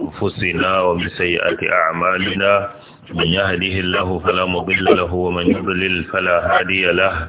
أنفسنا ومن سيئات أعمالنا من يهده الله فلا مضل له ومن يضلل فلا هادي له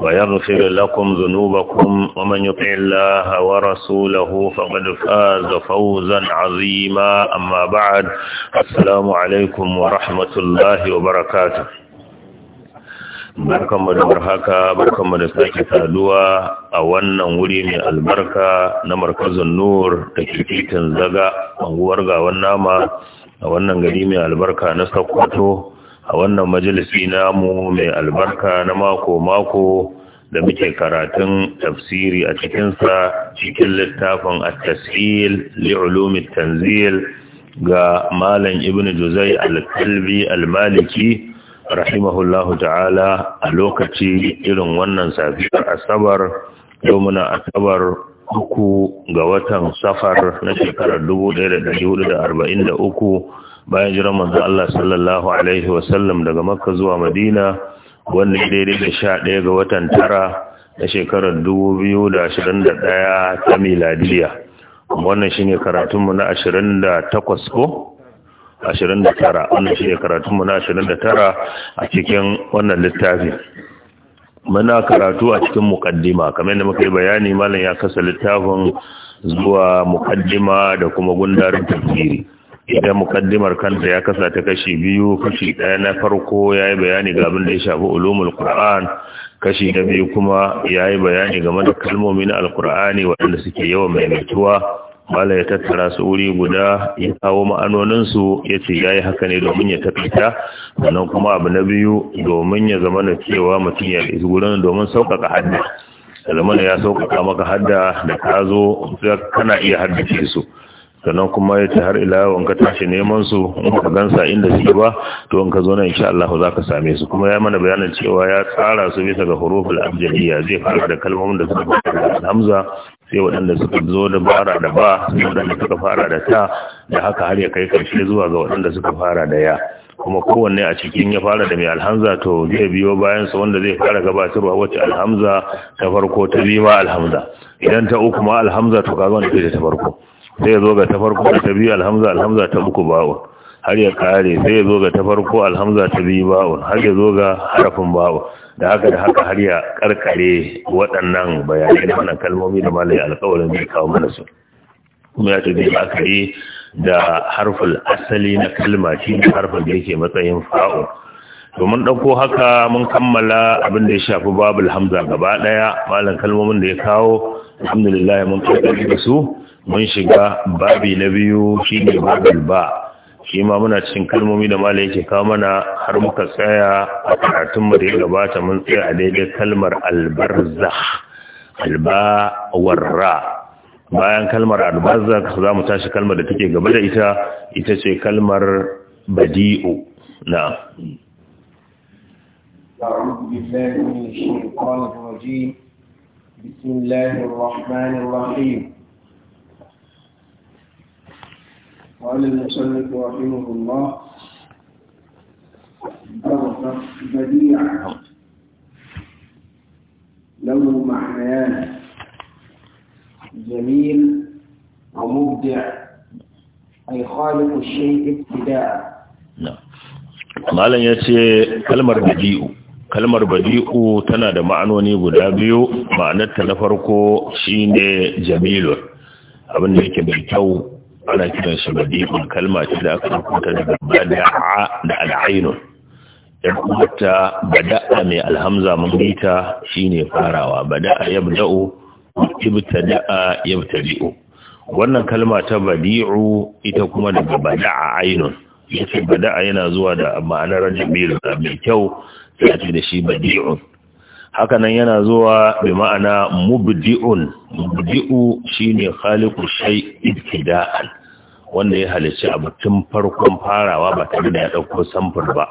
ويغفر لكم ذنوبكم ومن يطع الله ورسوله فقد فاز فوزا عظيما أما بعد السلام عليكم ورحمة الله وبركاته barkanmu da barhaka barkanmu da sake saduwa a wannan wuri mai albarka na markazin nur da ke titin zaga anguwar gawan nama a wannan gari mai albarka na sokoto a wannan majalisi namu mai albarka na mako-mako da muke karatun tafsiri a cikinsa cikin littafin at-tas'il li'ulumi tanzil ga malam ibn juzai al-kalbi al-maliki rahimahullahu ta'ala a lokaci irin wannan safiyar asabar yau muna asabar uku ga watan safar na shekarar 1443 bayan jiran manzo Allah sallallahu alaihi wa sallam daga makka zuwa madina wanda daidai da sha ɗaya ga watan tara na shekarar dubu biyu da ashirin da ɗaya ta miladiya wannan shine karatunmu na ashirin da takwas ko ashirin da tara wannan shine karatunmu na ashirin da tara a cikin wannan littafi muna karatu a cikin mukaddima kamar yadda muka yi bayani malam ya kasa littafin zuwa mukaddima da kuma gundarin tafsiri Idan mukaddimar kanta ya kasa ta kashi biyu kashi ɗaya na farko ya yi bayani ga abin da ya shafi ulumul qur'an kashi na biyu kuma ya yi bayani game da kalmomin na alkur'ani waɗanda suke yawan mutuwa bala ya tattara su wuri guda ya kawo ma'anoninsu ya ce ya yi haka ne domin ya tafita sannan kuma abu na biyu domin ya zama da cewa mutum ya isi gurin domin sauƙaƙa hadda da ya sauƙaƙa maka hadda da ka zo kana iya haddace su sannan kuma ya ce har ila in ka tashi neman su in ka gansa inda suke ba to in ka zo na insha Allah za ka same su kuma ya mana bayanin cewa ya tsara su bisa ga huruful abjadiyya zai fara da kalmomin da suka fara da hamza sai waɗanda suka zo da fara da ba sai waɗanda suka fara da ta da haka har ya kai karshe zuwa ga waɗanda suka fara da ya kuma kowanne a cikin ya fara da mai alhamza to zai biyo bayan sa wanda zai fara gabatarwa wacce alhamza ta farko ta biyu alhamza idan ta uku ma alhamza to kaga wanda ta farko sai ya zo ga ta farko ta biyu alhamza alhamza ta uku ba'un har ya kare sai ya zo ga ta farko alhamza ta biyu ba'un har ya zo ga harafin ba'un da haka da haka har ya karkare waɗannan bayanai da wannan kalmomi da malai alƙawarin zai kawo mana su kuma ya ce da aka yi da harfin asali na kalma shi da harfin da yake matsayin fa'un domin ɗauko haka mun kammala abin da ya shafi babul hamza gaba ɗaya malam kalmomin da ya kawo alhamdulillah mun kai da su mun shiga babi na biyu shi ne babin ba shi ma muna cikin kalmomi da mala yake kawo mana har muka tsaya a karatunmu da ya gabata mun tsaya a daidai kalmar albarzah albawarra bayan kalmar albarzah za mu tashi kalmar da take gaba da ita ita ce kalmar badi'u na بسم الله الرحمن الرحيم وعلى المسلك رحمه الله عرف بديع له معنيان جميل ومبدع اي خالق الشيء ابتداء نعم قال ياتي كلمه بديع kalmar badi'u tana da ma'anoni guda biyu ma'anar ta na farko shine jamilun abin da yake da kyau ana kiran shi badi'un kalma ta da aka rubuta daga bada'a da al'ainun yan umarta bada'a mai alhamza mun bita shine farawa bada'a yabda'u ibtada'a yabtadi'u wannan kalma ta badi'u ita kuma daga bada'a ainun yace bada'a yana zuwa da ma'anar da mai kyau sai da shi badi'un hakanan yana zuwa bi ma'ana mubdi'un mubdi'u shine khaliqu shay ibtida'an wanda ya halice a mutum farkon farawa ba tare da ya dauko samfur ba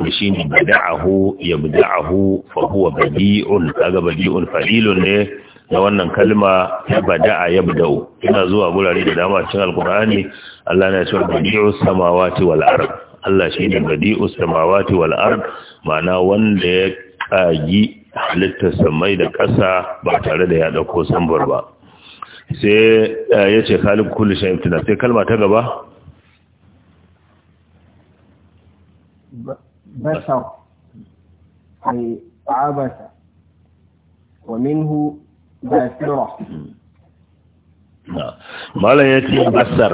to shine bada'ahu yabda'ahu fa huwa badi'un kaga badi'un fadilun ne da wannan kalma bada'a yabda'u yana zuwa gurare da dama cikin alqur'ani Allah ya ce Badi'u samawati wal ard Allah shine badi'u samawati wal ard ma'ana wanda ya kagi halitta samai da ƙasa ba tare da ya ɗauko sambar ba sai eh, ya ce kalin kulle shan ibtina sai kalma ta gaba basar ai abasa wa minhu basira malam ya ce basar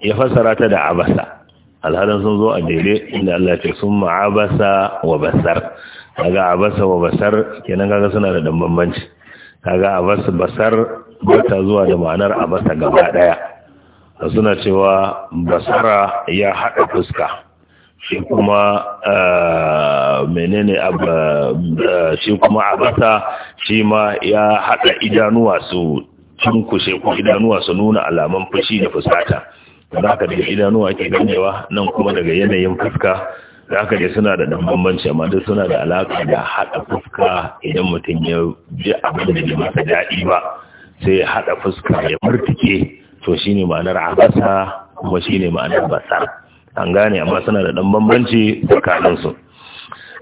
ya fasara ta da abasa alhalin sun zo a daidai inda Allah ce sun ma'abasa wa basar kaga abasa wa basar kenan kaga suna da dan bambanci kaga abasa basar bata zuwa da ma'anar abasa gaba daya suna cewa basara ya hada fuska shi kuma eh, menene eh, shi kuma abasa shi ma ya hada idanuwa su cinkushe ko idanuwa su nuna alaman fushi da fusata za ka daga idanuwa ke ganewa nan kuma daga yanayin fuska da aka suna da dan bambanci amma duk suna da alaka da haɗa fuska idan mutum ya ji abin da ya masa daɗi ba sai ya haɗa fuska ya murtike to shine ma'anar abasa kuma shine ma'anar basar an gane amma suna da dan bambanci tsakanin su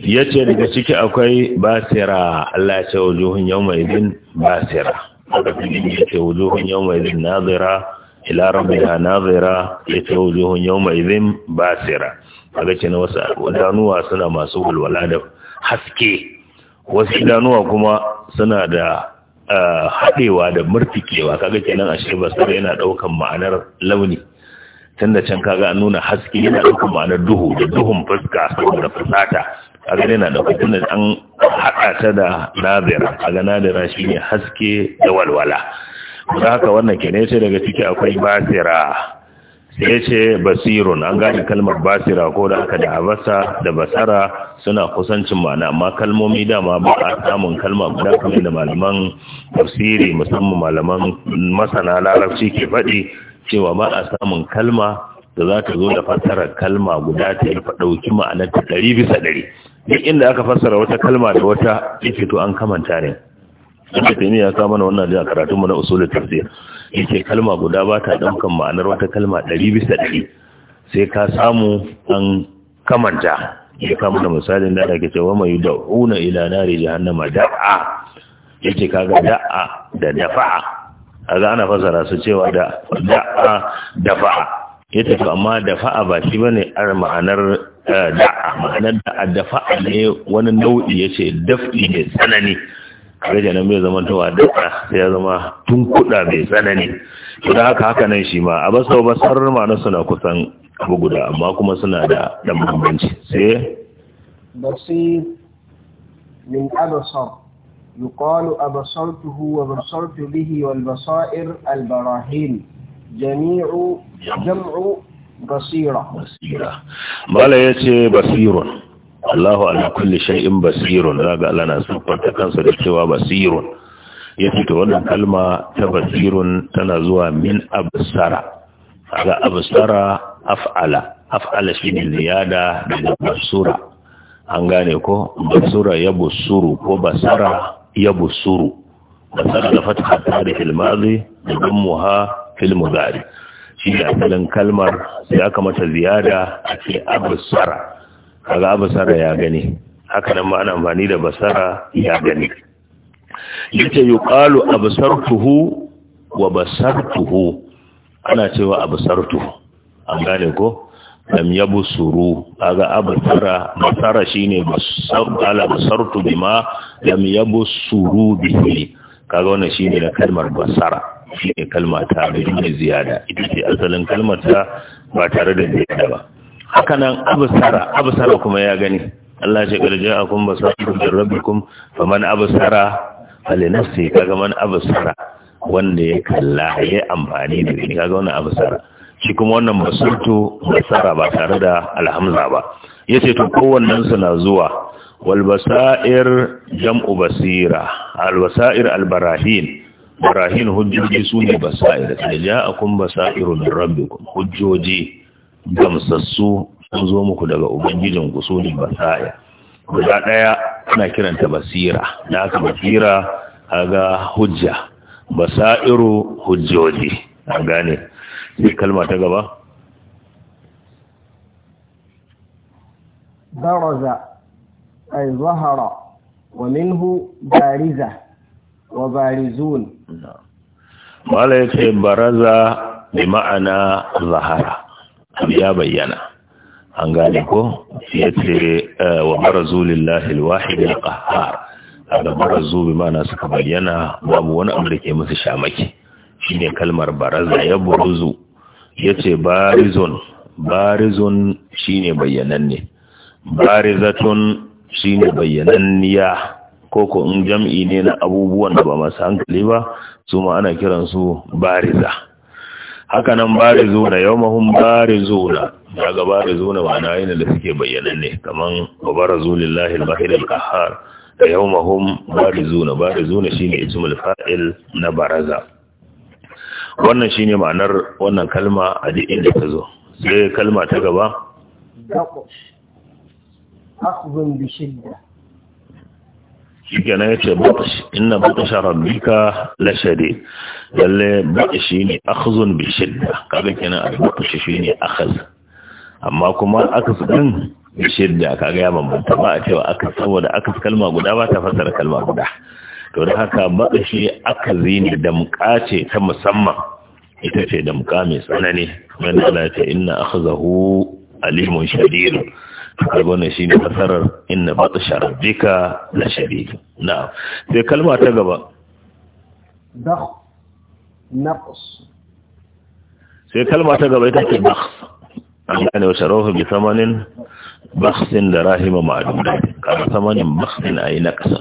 yace daga ciki akwai basira Allah ya ce wujuhun yawma idin basira daga cikin yace ce wujuhun yawma idin nazira ila rabbiha nazira ya ce wujuhun yawma idin basira kaga ce na wasu idanuwa suna masu walwala da haske wasu idanuwa kuma suna da haɗewa da murtikewa kaga kenan ashe basira yana ɗaukan ma'anar launi tun da can kaga an nuna haske yana ɗaukan ma'anar duhu da duhun fuska saboda fusata kaga yana ɗaukan tun da an haɗa ta da nadira kaga nadira ne haske da walwala za haka wannan kenan sai daga ciki akwai basira ya ce basirun an gane kalmar basira ko da aka da abasa da basara suna kusancin mana amma kalmomi dama ba a samun kalma guda kamar da malaman tafsiri musamman malaman masana larabci ke faɗi cewa ba a samun kalma da za ta zo da fassarar kalma guda ta yi faɗauki ma'anar ta ɗari bisa ɗari duk inda aka fassara wata kalma da wata ya fito an kamanta ne. Ibn Taymiyyah ya sa mana wannan karatun karatunmu na usulun tafsir. Yake kalma guda ba ta ɗaukan ma'anar wata kalma ɗari bisa ɗari sai ka samu an kamanta ya kama da misalin da ake cewa mai da'una ila nari jahannama da'a yake kaga da'a da dafa'a kaga ana fasara su cewa da da'a dafa'a yace to amma dafa'a ba shi bane ar ma'anar eh, da'a ma'anar da'a dafa'a ne wani nau'i yace daf'i ne tsanani kare kenan bai zaman towa dukka ya zama tun kuɗa mai tsanani to da haka haka nan shi ma a basau basar ma'ana suna kusan abu guda amma kuma suna da ɗan bambanci sai basir min abasar yuqalu abasartuhu wa basartu bihi wal basair al barahin jami'u jam'u basira basira ya yace basirun Allahu ala kulli shay'in basirun zaga Allah na siffanta kansa da cewa basirun yace to wannan kalma ta basirun tana zuwa min absara ga absara af'ala af'ala shine ziyada da basura an gane ko basura ya busuru ko basara ya busuru basara da fatha tarihi al-madi da dammuha fil mudari shi da kalmar sai aka mata ziyada a ce absara kaga basara ya gani haka nan ma ana amfani da basara ya gani yace yuqalu absartuhu wa basartuhu ana cewa absartu an gane ko lam yabsuru kaga absara basara shine basara basartu bima lam yabsuru bihi kaga wannan shine na kalmar basara shine kalma ta da ziyada ita ce asalin kalmar ta ba tare da ziyada ba haka nan abusara abusara kuma ya gani Allah ce kar ja'akum basarun min rabbikum faman abusara falinafsi kaga man abusara wanda ya kalla ya amfani da gani kaga wannan abusara shi kuma wannan basurtu basara ba tare da alhamza ba Ya ce to kowannensu na zuwa walbasa’ir jam'u basira al albarahin barahin hujjoji su ne basair ja ja'akum basairun rabikun hujjoji gamsassu sun zo muku daga ubangijin ku basaya guda ɗaya ana kiranta basira da aka basira ga hujja basairu hujjoji an gane sai kalma ta gaba Daraza ay zahara wa minhu bariza wa barizun ya yake baraza bi ma'ana zahara abu ya bayyana an gane ko ya ce eh, wa barazu lillahi alwahid alqahhar da marazu bi mana suka bayyana babu wani abu da ke musu shamaki shine kalmar baraza ya buruzu ya ce barizon barizon shine bayyananne barizatun shine bayyananniya ko in jam'i ne na abubuwan da ba masu hankali ba su ma ana kiransu bariza haka nan bari zuna yau mahun bari zuna daga bari zuna ma'ana yana da suke bayyananne kamar babbar zulillahi al-bahiril kahar da yau mahun bari zuna bari zuna shi ne ismul mulfa'il na baraza wannan shi ne ma'anar wannan kalma a duk inda ta zo sai kalma ta gaba shikenan yace batash inna batasha rabbika la shadid lalle batashi ne akhzun bi shidda kaga kenan batashi shine akhaz amma kuma akhaz din bi shidda kaga ya bambanta ba a cewa akhaz saboda akhaz kalma guda ba ta fassara kalma guda to da haka batashi akazi ne damka ce ta musamman ita ce damka mai tsanani wanda Allah ya inna akhzahu alimun shadir shi ne fasarar inna shara rabbika na shari na sai kalma ta gaba na naqs sai kalma ta gaba ita ce bakhs an gane wa sharahu bi samanin bakhsin da rahima ma'duda kana thamanin bakhsin na naqsa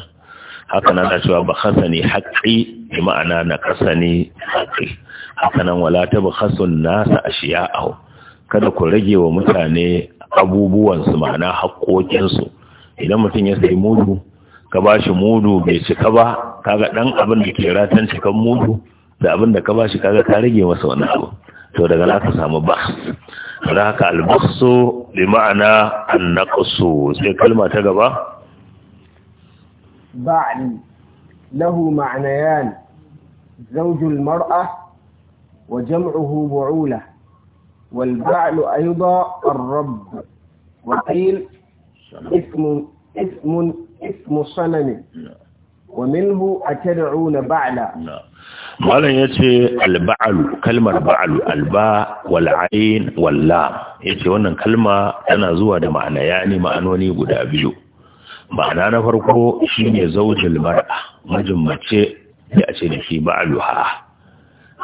haka nan cewa ne haƙƙi, bi ma'ana na kasa ne haƙƙi. haka nan wala kasa nasa a ashiya'ahu kada ku rage wa mutane abubuwansu ma'ana haƙoƙinsu idan mutum ya sayi mudu ka ba shi mudu bai cika ba kaga ɗan abin da ke ratan cikan mudu da abin da ka ba shi kaga ka rage masa wani abu to daga na ka samu ba da haka albasu bi ma'ana annaqsu sai kalma ta gaba ba'ni lahu ma'nayan zawjul mar'a wa jam'uhu bu'ula والبعل أيضا الرب وقيل اسم اسم اسم صنم ومنه أتدعون بعلا malam ya ce alba'alu kalmar ba'alu alba wal'ain walla ya ce wannan kalma tana zuwa da ma'ana ma'anoni guda biyu ma'ana na farko shine zaujil mar'a majin mace ya ce da shi Ba'alu ba'aluha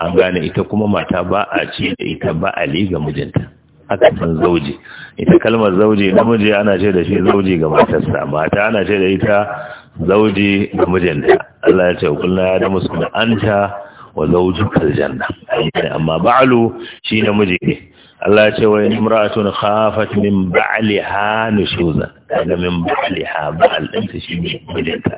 an gane ita kuma mata ba a ce da ita ba a ga mijinta aka san zauje ita kalmar zauje namiji ana ce da shi zauje ga matarsa mata ana ce da ita zauje ga mijinta Allah ya ce kullu ya da musulmi anta wa zaujukal janna amma ba'lu shi namiji ne Allah ya ce wa imra'atun khafat min ba'liha nushuzan daga min ba'liha ba'al ɗinta shi ne mijinta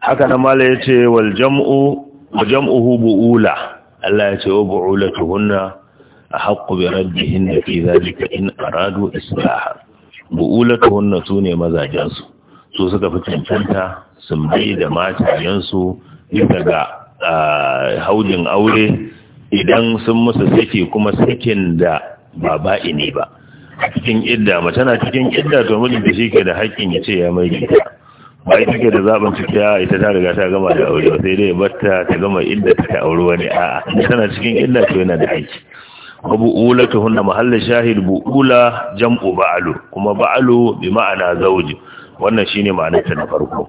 haka nan mala ya ce wal jam'u wa jam'uhu bu'ula Allah ya ce wa bu'ulatuhunna ahqqu bi raddihinna fi zalika in aradu islaha bu'ulatuhunna sune mazajen su su suka fi cancanta sun bai da matayen su bisa ga haujin aure idan sun musu saki kuma sakin da ba ba'i ne ba cikin idda mace na cikin idda to mijin da shike da haƙƙin ya ce ya mai gida ba da zaɓin cikiya ita ta riga ta gama da aure sai dai batta ta gama illa ta aure wani a'a tana cikin illa to yana da aiki wa hunna mahalla shahid bu'ula jam'u ba'alu kuma ba'alu bi ma'ana zawji wannan shine ma'anar ta na farko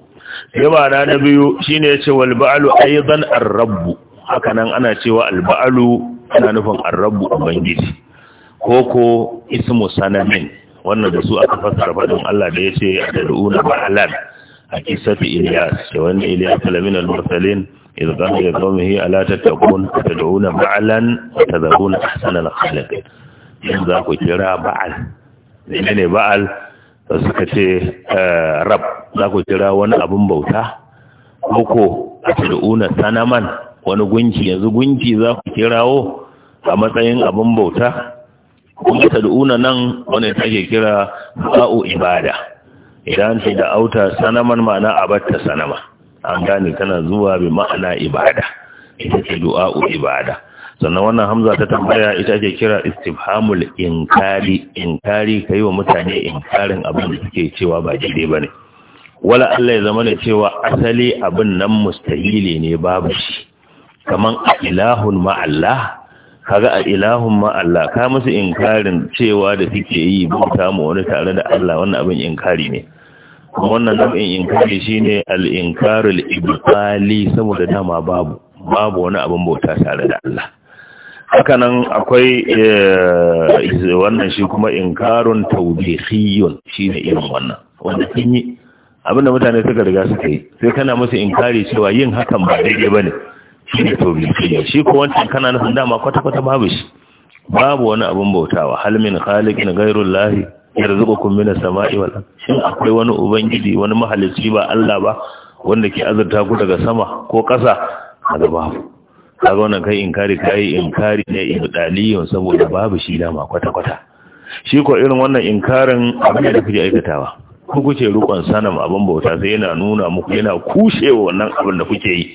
sai ma'ana na biyu shine yace wal ba'alu aidan ar-rabb haka nan ana cewa al ba'alu ana nufin ar-rabb ubangiji koko ismu sanamin", wannan da su aka fassara fadin Allah da yace da da'una ba'alan قصة إلياس وأن إلياس لمن المرسلين إذ قال لقومه ألا تتقون تدعون بعلا وتذرون أحسن الخالق إن ذاك كرا بعل menene ba'al suka ce rab za ku kira wani abin bauta ko a fir'una sanaman wani gunki yanzu gunki za ku kirawo a matsayin abin bauta kuma tad'una nan wani take kira ba'u ibada idan ce da auta sanaman ma'ana abatta sanama an gane tana zuwa bi ma'ana ibada ita ce du'a'u ibada sannan wannan hamza ta tambaya ita ake kira istifhamul inkari inkari kai wa mutane inkarin abin da suke cewa ba daidai bane wala Allah ya zama ne cewa asali abin nan mustahili ne babu shi kaman ilahun ma'allah kaga a ilahun ma Allah ka musu inkarin cewa da suke yi bauta mu wani tare da Allah wannan abin inkari ne wannan nau'in inkari shine al-inkarul ibtali saboda dama babu babu wani abin bauta tare da Allah Hakanan akwai eh, wannan shi kuma inkarun tawdihiyun shine irin wannan wanda kin yi abinda mutane suka riga suka yi sai kana musu inkari cewa yin hakan ba daidai bane shi ko wancan kana nufin dama kwata-kwata babu shi babu wani abin bautawa hal min khaliqin ghayrul lahi yarzuqukum minas sama'i wal shin akwai wani ubangiji wani mahalicci ba Allah ba wanda ke azurta ku daga sama ko ƙasa kaga babu kaga wannan kai inkari kai inkari ne in dalilin saboda babu shi dama kwata-kwata shi ko irin wannan inkarin abin da kuke aikatawa ku kuke rukun sanam abin bauta sai yana nuna muku yana kushewa wannan abin da kuke yi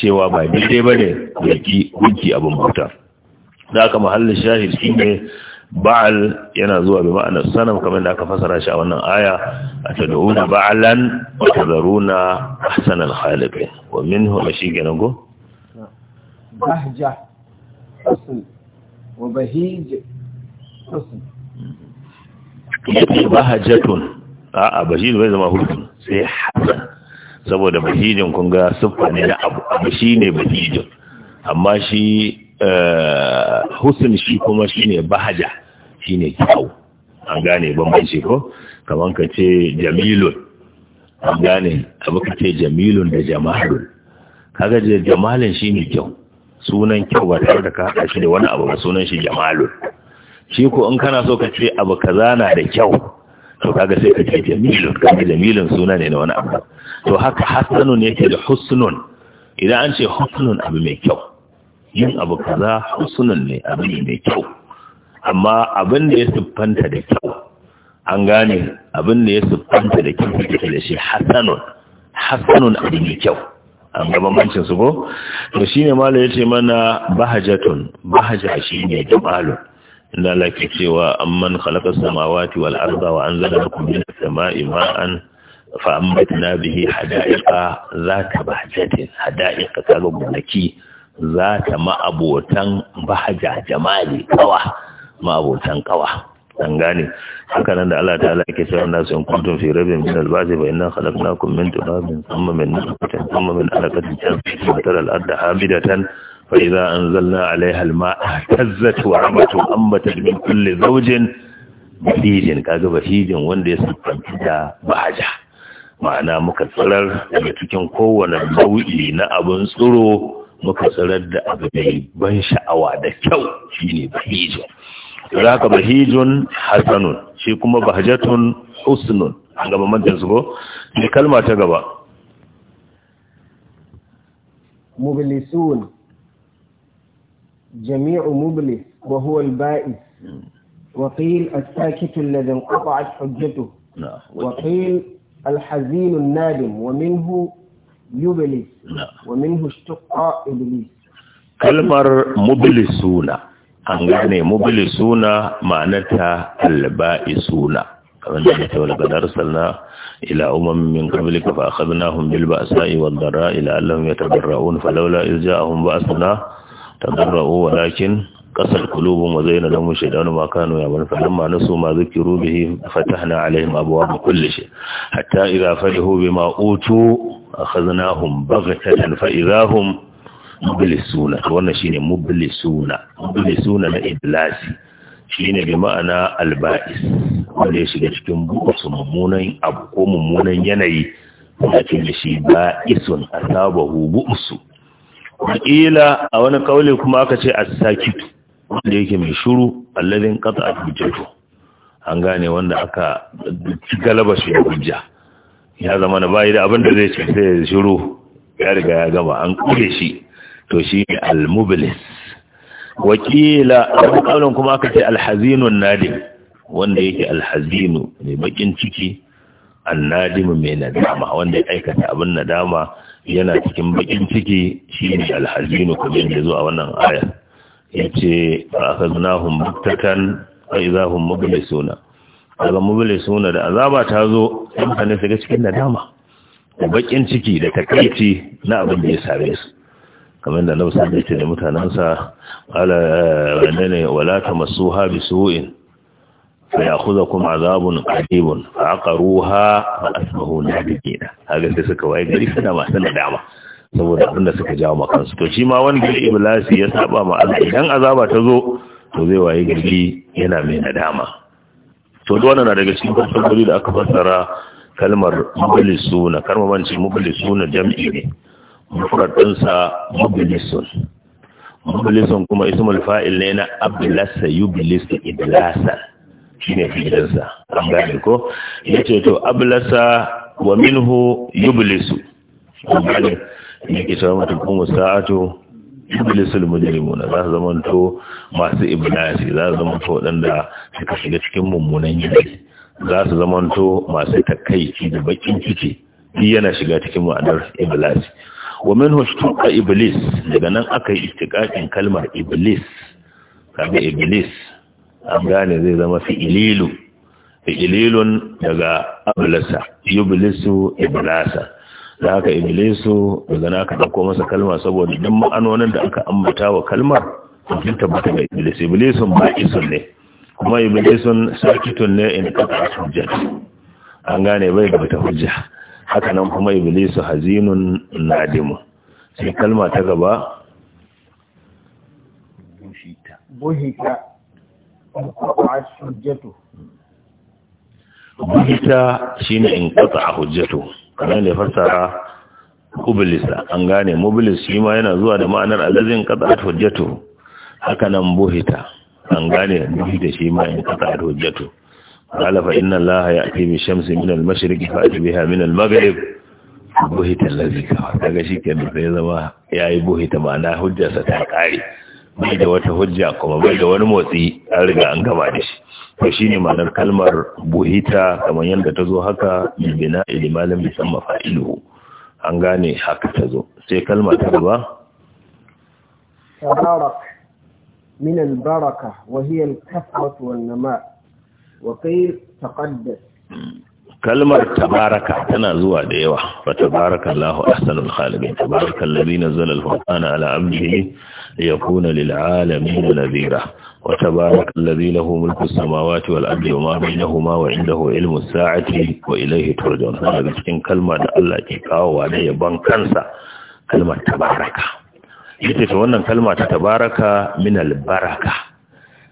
cewa ba daidai ba ne ya ki gunki abin bauta da aka mahallin shahid shi ne ba'al yana zuwa bi ma'anar sanam kamar da aka fasara shi a wannan aya a tad'una ba'alan wa tadharuna ahsana al-khaliqin wa min minhu mashigan go bahja asl wa bahij asl bahjatun a'a bahij bai zama hurufin sai hasan saboda bahijin kun ga siffa ne na abu abu shi ne bahijin amma shi eh, husn shi kuma shi ne bahaja shi ne kyau an gane shi ko kamar ka ce jamilun an gane abu ka ce jamilun da jamalun kaga je jamalin shi ne kyau sunan kyau ba tare da ka shi da wani abu ba sunan shi jamalun shi ko in kana so ka ce abu kaza na da kyau to kaga sai ka ce jamilun kaga jamilun suna ne na wani abu to haka hasanun yake da husnun idan an ce husnun abu mai kyau yin abu kaza husnun ne abu mai kyau amma abin da ya siffanta da kyau an gane abin da ya siffanta da kyau yake da shi hasanun hasanun abu mai kyau an ga bambancin su ko to shine ya ce mana bahajatun bahaja shine jamalun inda Allah ke cewa amman khalaqa samawati wal arda wa anzala lakum minas sama'i ma'an فأنبتنا به حدائق ذات بهجة حدائق كانوا gonaki ذات ما أبوتان بهجة جمالي قوة ما أبوتان قوة dan gane haka nan da Allah ta'ala yake cewa na sun kuntum fi rabbin min al-bazi fa inna khalaqnakum min turabin thumma min nutfatin thumma min alaqatin thumma tara al-ardha hamidatan fa idza anzalna 'alayha al-ma'a tazzat wa rabat ambatat min kaga bahijin wanda ya sifanci da ma'ana muka tsirar daga cikin kowane nau'i na abin tsiro muka tsirar da abu mai ban sha'awa da kyau shine Za ka bahijun hasanun shi kuma Bahijatun husnun an gaba mantan su ko ne kalma ta gaba mublisun jami'u mublis wa huwa al-ba'is hmm. wa qil as-sakitu alladhi qata'at hujjatuhu wa qil الحزين النادم ومنه يبلس ومنه اشتق إبليس كلمة مبلسون an gane mubilisuna ma'anarta alba'isuna kamar da ta wala kadar salna ila umam min qablik fa akhadnahum bil ba'sa'i wad dara'i la'allahum yatadarra'un falawla walakin kasar kulubun wa zaina lamun shaidanu ma kanu ya bar falamma nasu ma zikiru bihi fatahna alaihim abwaab kulli shay hatta idha fadhu bima utu akhadnahum a fa idahum mublisuna wannan shine mublisuna mublisuna na iblasi shine ma'ana albais wanda ya shiga cikin buƙasu mummunan abu ko mummunan yanayi a cikin da shi ba isun asabahu buƙasu ƙila a wani kawali kuma aka ce a sakitu wanda yake mai shuru kata a hujjato an gane wanda aka galaba shi da hujja ya zama na bayi da abin da zai ce sai ya shuru ya riga ya gama an kure shi to shi ne almubilis wakila abin kuma aka ce alhazinun nadim wanda yake alhazinu mai bakin ciki annadimu mai nadama wanda ya aikata abin nadama yana cikin bakin ciki shi ne alhazinu kuma yanzu zo a wannan ayar Ya yace akhadnahum buktatan fa idahum suna.' daga suna da azaba ta zo mutane su ga cikin nadama da bakin ciki da takaici na abin da ya same su kamar da nausa da ce da mutanensa ala wanda ne wala tamassuha bisu'in fa kuma azabun qaribun a aqruha fa asbahu nadimina haka sai suka waye gari suna masu nadama saboda abin da suka jawo makansu to shi ma wanda iblasi ya saba ma Allah idan azaba ta zo to zai waye gidi yana mai nadama to duk wannan na daga cikin fasarori da aka fassara kalmar na karma banci na jam'i ne mufradin sa mublisun mublisun kuma ismul fa'il ne na ablasa yublis iblasa shine fi'ilsa an gane ko yace to ablasa wa minhu yublisu ya sama ta kuma sa'ato iblisul mujrimuna za su zama to masu iblasi za su zama to waɗanda suka shiga cikin mummunan yanayi za su zama to masu takaici da bakin ciki shi yana shiga cikin ma'anar iblasi wa minhu shtuqa iblis daga nan aka yi istiqaqin kalmar iblis kaga iblis an gane zai zama fi'ililu fi'ililun daga ablasa yublisu iblasa da haka iblisu daga na aka ɗauko masa kalma saboda duk ma'anonin da aka ambata wa kalmar duk tabbata ga iblis iblisun ba isun ne kuma iblisun sakitun ne in kafa hujjat an gane bai da wata hujja haka nan kuma iblisu hazinun nadimu sai kalma ta gaba buhita buhita ne in a hujjatu kamar da fassara kubilis an gane mubilis shi ma yana zuwa da ma'anar alazin qat'at hujjatu haka nan buhita an gane da shi ma yana qat'at hujjatu qala fa inna allaha ya'ti bi shamsi min al-mashriqi fa biha min al-maghrib buhita allazi ka daga shi ke sai zama yayi buhita ma ma'ana hujjarsa ta kare bai da wata hujja kuma bai da wani motsi an riga an gaba da shi to shine ma'anar kalmar buhita kamar yadda ta zo haka bibina ilimalin bisan mafa'ilu an gane haka ta zo sai kalmar ta gaba tabarak min albaraka wa hiya alkafrat wan nama wa kai taqaddas kalmar tabaraka tana zuwa da yawa wa tabaraka Allahu ahsanul khaliqin tabaraka allazi nazzala al-furqana ala 'abdihi liyakuna lil 'alamin nadhira wa tabaraka allazi lahu mulku as-samawati wal ardi wa ma bainahuma wa 'indahu 'ilmu as-sa'ati wa ilayhi turja'un daga cikin kalma da Allah ke kawo wa da yaban kansa kalmar tabaraka ita ce wannan kalma ta tabaraka min al-baraka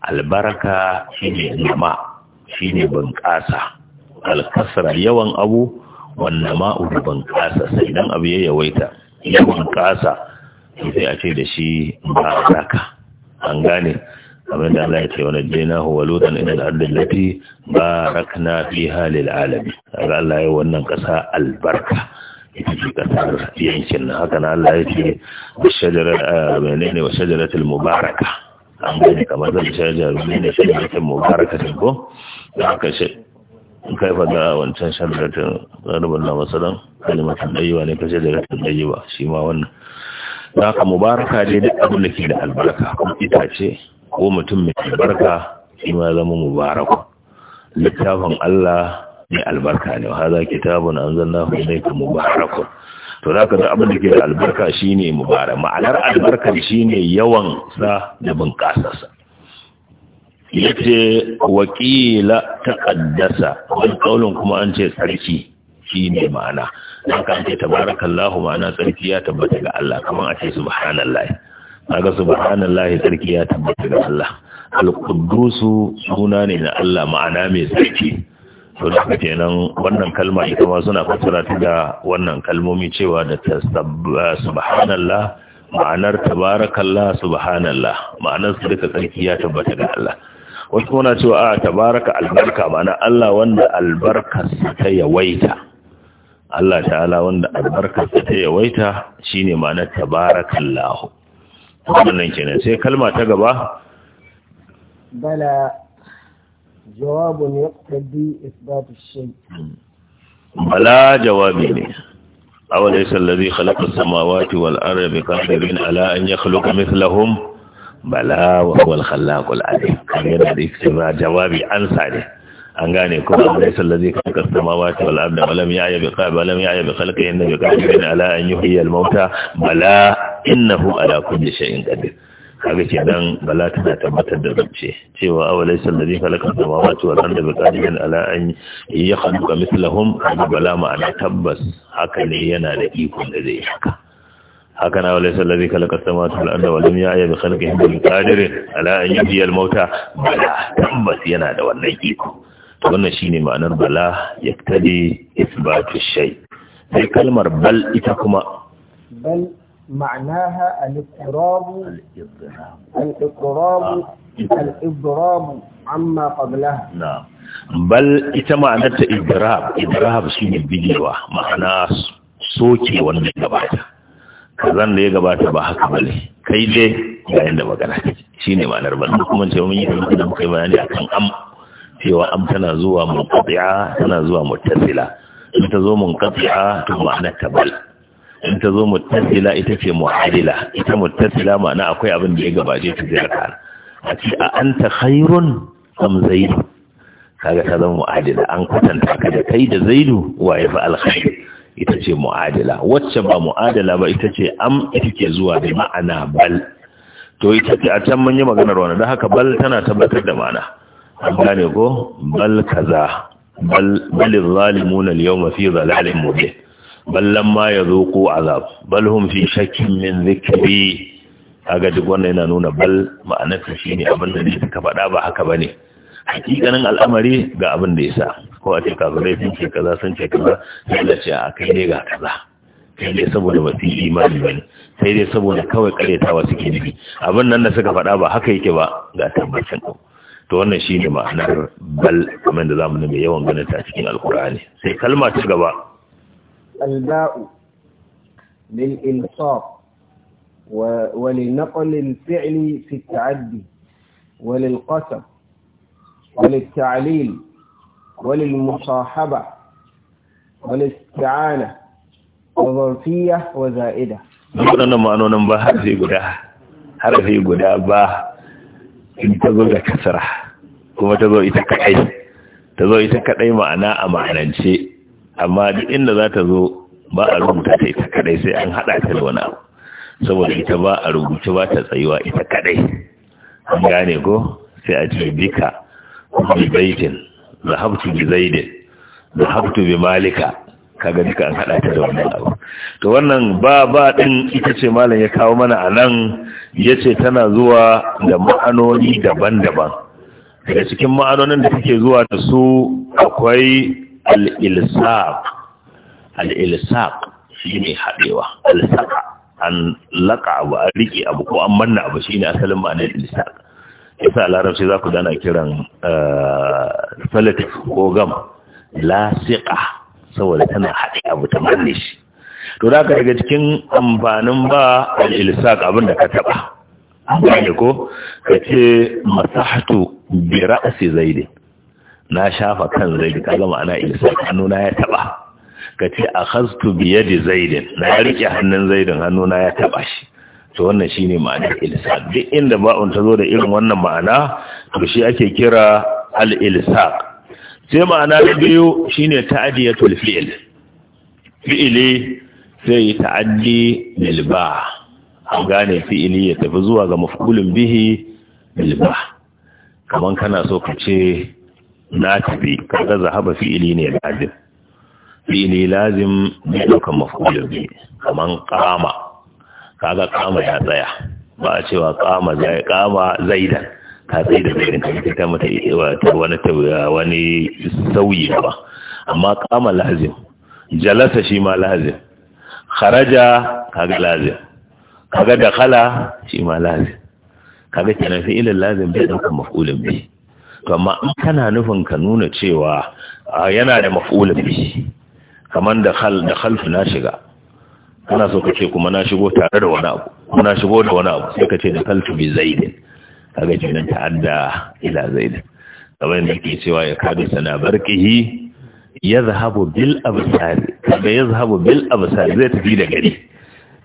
al-baraka shine jama'a shine bunƙasa alkasra yawan abu wanda ma'udu ban kasa sai dan abu ya yawaita yawan kasa sai a ce da shi ba zaka an gane kamar da Allah ya ce wani jina huwa lutan idan ardillati barakna fi halil alami daga Allah ya wannan kasa albarka ita ce kasar yankin na haka na Allah ya ce menene wa shajaratul mubaraka an gane kamar zan shajar menene shajaratul mubaraka ko da haka shi kai faɗa a wancan sharratin zarubin na masalan kalimatan ɗayiwa ne kashe da ratin ɗayiwa shi ma wannan za ka mubaraka ne duk abin da ke da albarka ko itace ko mutum mai albarka shi ma zama mubaraku littafin Allah mai albarka ne ha za kitabun an zanna hu ne ka mubaraku to za ka da abin da ke da albarka shi ne mubarak ma'anar albarkar shine yawan sa da bunƙasarsa yace wakila taqaddasa wani kuma an ce sarki shine ma'ana dan ka ce tabarakallahu ma'ana tsarki ya tabbata ga Allah kamar a ce subhanallahi kaga subhanallahi sarki ya tabbata ga Allah al-quddusu suna ne na Allah ma'ana mai tsarki. to da nan wannan kalma ita ma suna fassara ta da wannan kalmomi cewa da subhanallah ma'anar tabarakallah subhanallah ma'anar su duka sarki ya tabbata ga Allah wasu kuna cewa a tabaraka albarka mana Allah wanda albarkarsa ta yawaita Allah ta'ala wanda albarkarsa ta yawaita shine tabarakan tabarakallahu wannan kenan sai kalma ta gaba bala jawabun yaqtadi isbat ash-shay bala jawabi ne أوليس الذي خلق السماوات والأرض بقدر على أن يخلق مثلهم bala wa huwal khallaqul alim kan yana da iktima jawabi an ne an gane kuma Allah sallazi ka ka samawati wal ardi wa lam ya'ya bi qalbi lam ya'ya bi khalqi inna bi qadirin ala an yi al mauta bala innahu ala kulli shay'in qadir kaga dan bala tana tabbatar da rubuce cewa aw laysa allazi khalaqa samawati wal ardi bi qadirin ala an yakhluqa mithlahum bala ma'ana tabbas haka ne yana da ikon da zai haka هكذا وليس الذي خلق السماوات والأرض ولم يعي بخلقهن من قادر على أن يحيي yi بلى تبت ينا da wannan iko Wannan shi ne ma'anar bala yaktadi isbatu shai sai kalmar bal ita kuma bal معناها الاضطراب الاضطراب الاضطراب عما قبلها ita ma'anar ta idrab idrab ne bijewa ma'ana soke wannan gabata kazan da ya gabata ba haka bane kai dai ga yanda magana shine ma'anar ban kuma ce mun yi da muka yi bayani akan am cewa am tana zuwa mun munqati'a tana zuwa muttasila in ta zo mun munqati'a to ma'anar ta bal in ta zo muttasila ita ce mu'adila ita muttasila ma'ana akwai abin da ya gabace ta zai ka a ce a anta khairun am zaidu kaga ta zama mu'adila an kwatanta ka da kai da zaidu wa ya fi alkhairi ita ce mu'adala wacce ba mu'adala ba ita ce am ita ke zuwa da ma'ana bal to ita ce a can mun yi maganar wannan don haka bal tana tabbatar da ma'ana an gane ko bal kaza bal balil zalimuna al-yawma fi dhalalin mubin bal lamma yazuqu azab bal hum fi shakkin min dhikri kaga duk wannan yana nuna bal ma'anar shi ne abin da ne ka faɗa ba haka bane hakikanin al'amari ga abin da ya sa. ko a ce kafirai sun ce kaza sun ce kaza sai da ce a kai ne ga kaza sai dai saboda ba su yi imani ba ne sai dai saboda kawai wasu ke nufi abin nan da suka faɗa ba haka yake ba ga tabbacin ɗau to wannan shi ne ma'anar bal kamar da zamu mai yawan ganin ta cikin alkur'ani sai kalma ta gaba alba'u lil insaf wa li naql al fi'li fi al ta'addi wa lil qasam wa lil ta'lil وللمصاحبة والاستعانة وظرفية وزائدة نقول ما نمبا حرفي قدا حرفي قدا با إن تقول كما تقول إتكعي تقول إتكعي معنا أمعنا شيء amma duk inda za ta zo ba a rubuta ta ita kadai sai an haɗa ta da wani abu saboda ita ba a rubuce ba ta tsayuwa ita kadai an gane ko sai a ce bika baitin zahabtu bi zaidin zahabtu bi malika kaga duka an hada ta da wannan abu to wannan ba ba din ita ce malam ya kawo mana anan yace tana zuwa da ma'anoni daban-daban daga cikin ma'anonin da take zuwa da su akwai al-ilsaq al-ilsaq shine hadewa al-saqa an laqa abu abu ko an manna abu shine asalin ma'anar al-ilsaq isa a larabci za ku dana kiran falatif eh, ko gam lasiƙa saboda tana haɗe abu ta manne shi to da ka daga cikin amfanin ba al'ilsaq abin da ka taɓa gane ko kace ce masahatu bi ra'asi zaidi na shafa kan zaidi ka gama ana ilsaq hannuna ya taɓa ka ce a hasku biye da zaidin na ya riƙe hannun zaidin hannuna ya taɓa shi to wannan shine ma'anar ilsaq duk inda ba'un ta zo da irin wannan ma'ana to shi ake kira al-ilsaq sai ma'ana ta biyu shine ta'diyatul fi'l fi'ili zai yi ta'addi bil ba an gane fi'ili ya tafi zuwa ga mafkulun bihi bil ba kaman kana so ka ce na tafi kaga zahaba fi'ili ne lazim fi'ili lazim bai daukan mafkulun bihi kaman qama kaga kama ta tsaya ba a cewa kama zai kama da ta tsaye da zaidan ta ita mata ta wani wani sauyi ba amma kama lazim jalasa shi ma lazim kharaja kaga lazim kaga dakhala shi ma lazim kaga kenan fi'ilin lazim bai dauka maf'ulin bi to amma in kana nufin ka nuna cewa yana da maf'ulin bi Kamar da khal da khalfu na shiga kana so ka ce kuma na shigo tare da wani abu kuma na shigo da wani abu sai ka ce da kaltu bi zaidin kaga ta ta'adda ila zaidin kamar da ke cewa ya kadu sana barkihi ya zahabu bil absar kaga ya zahabu bil absar zai tafi da gari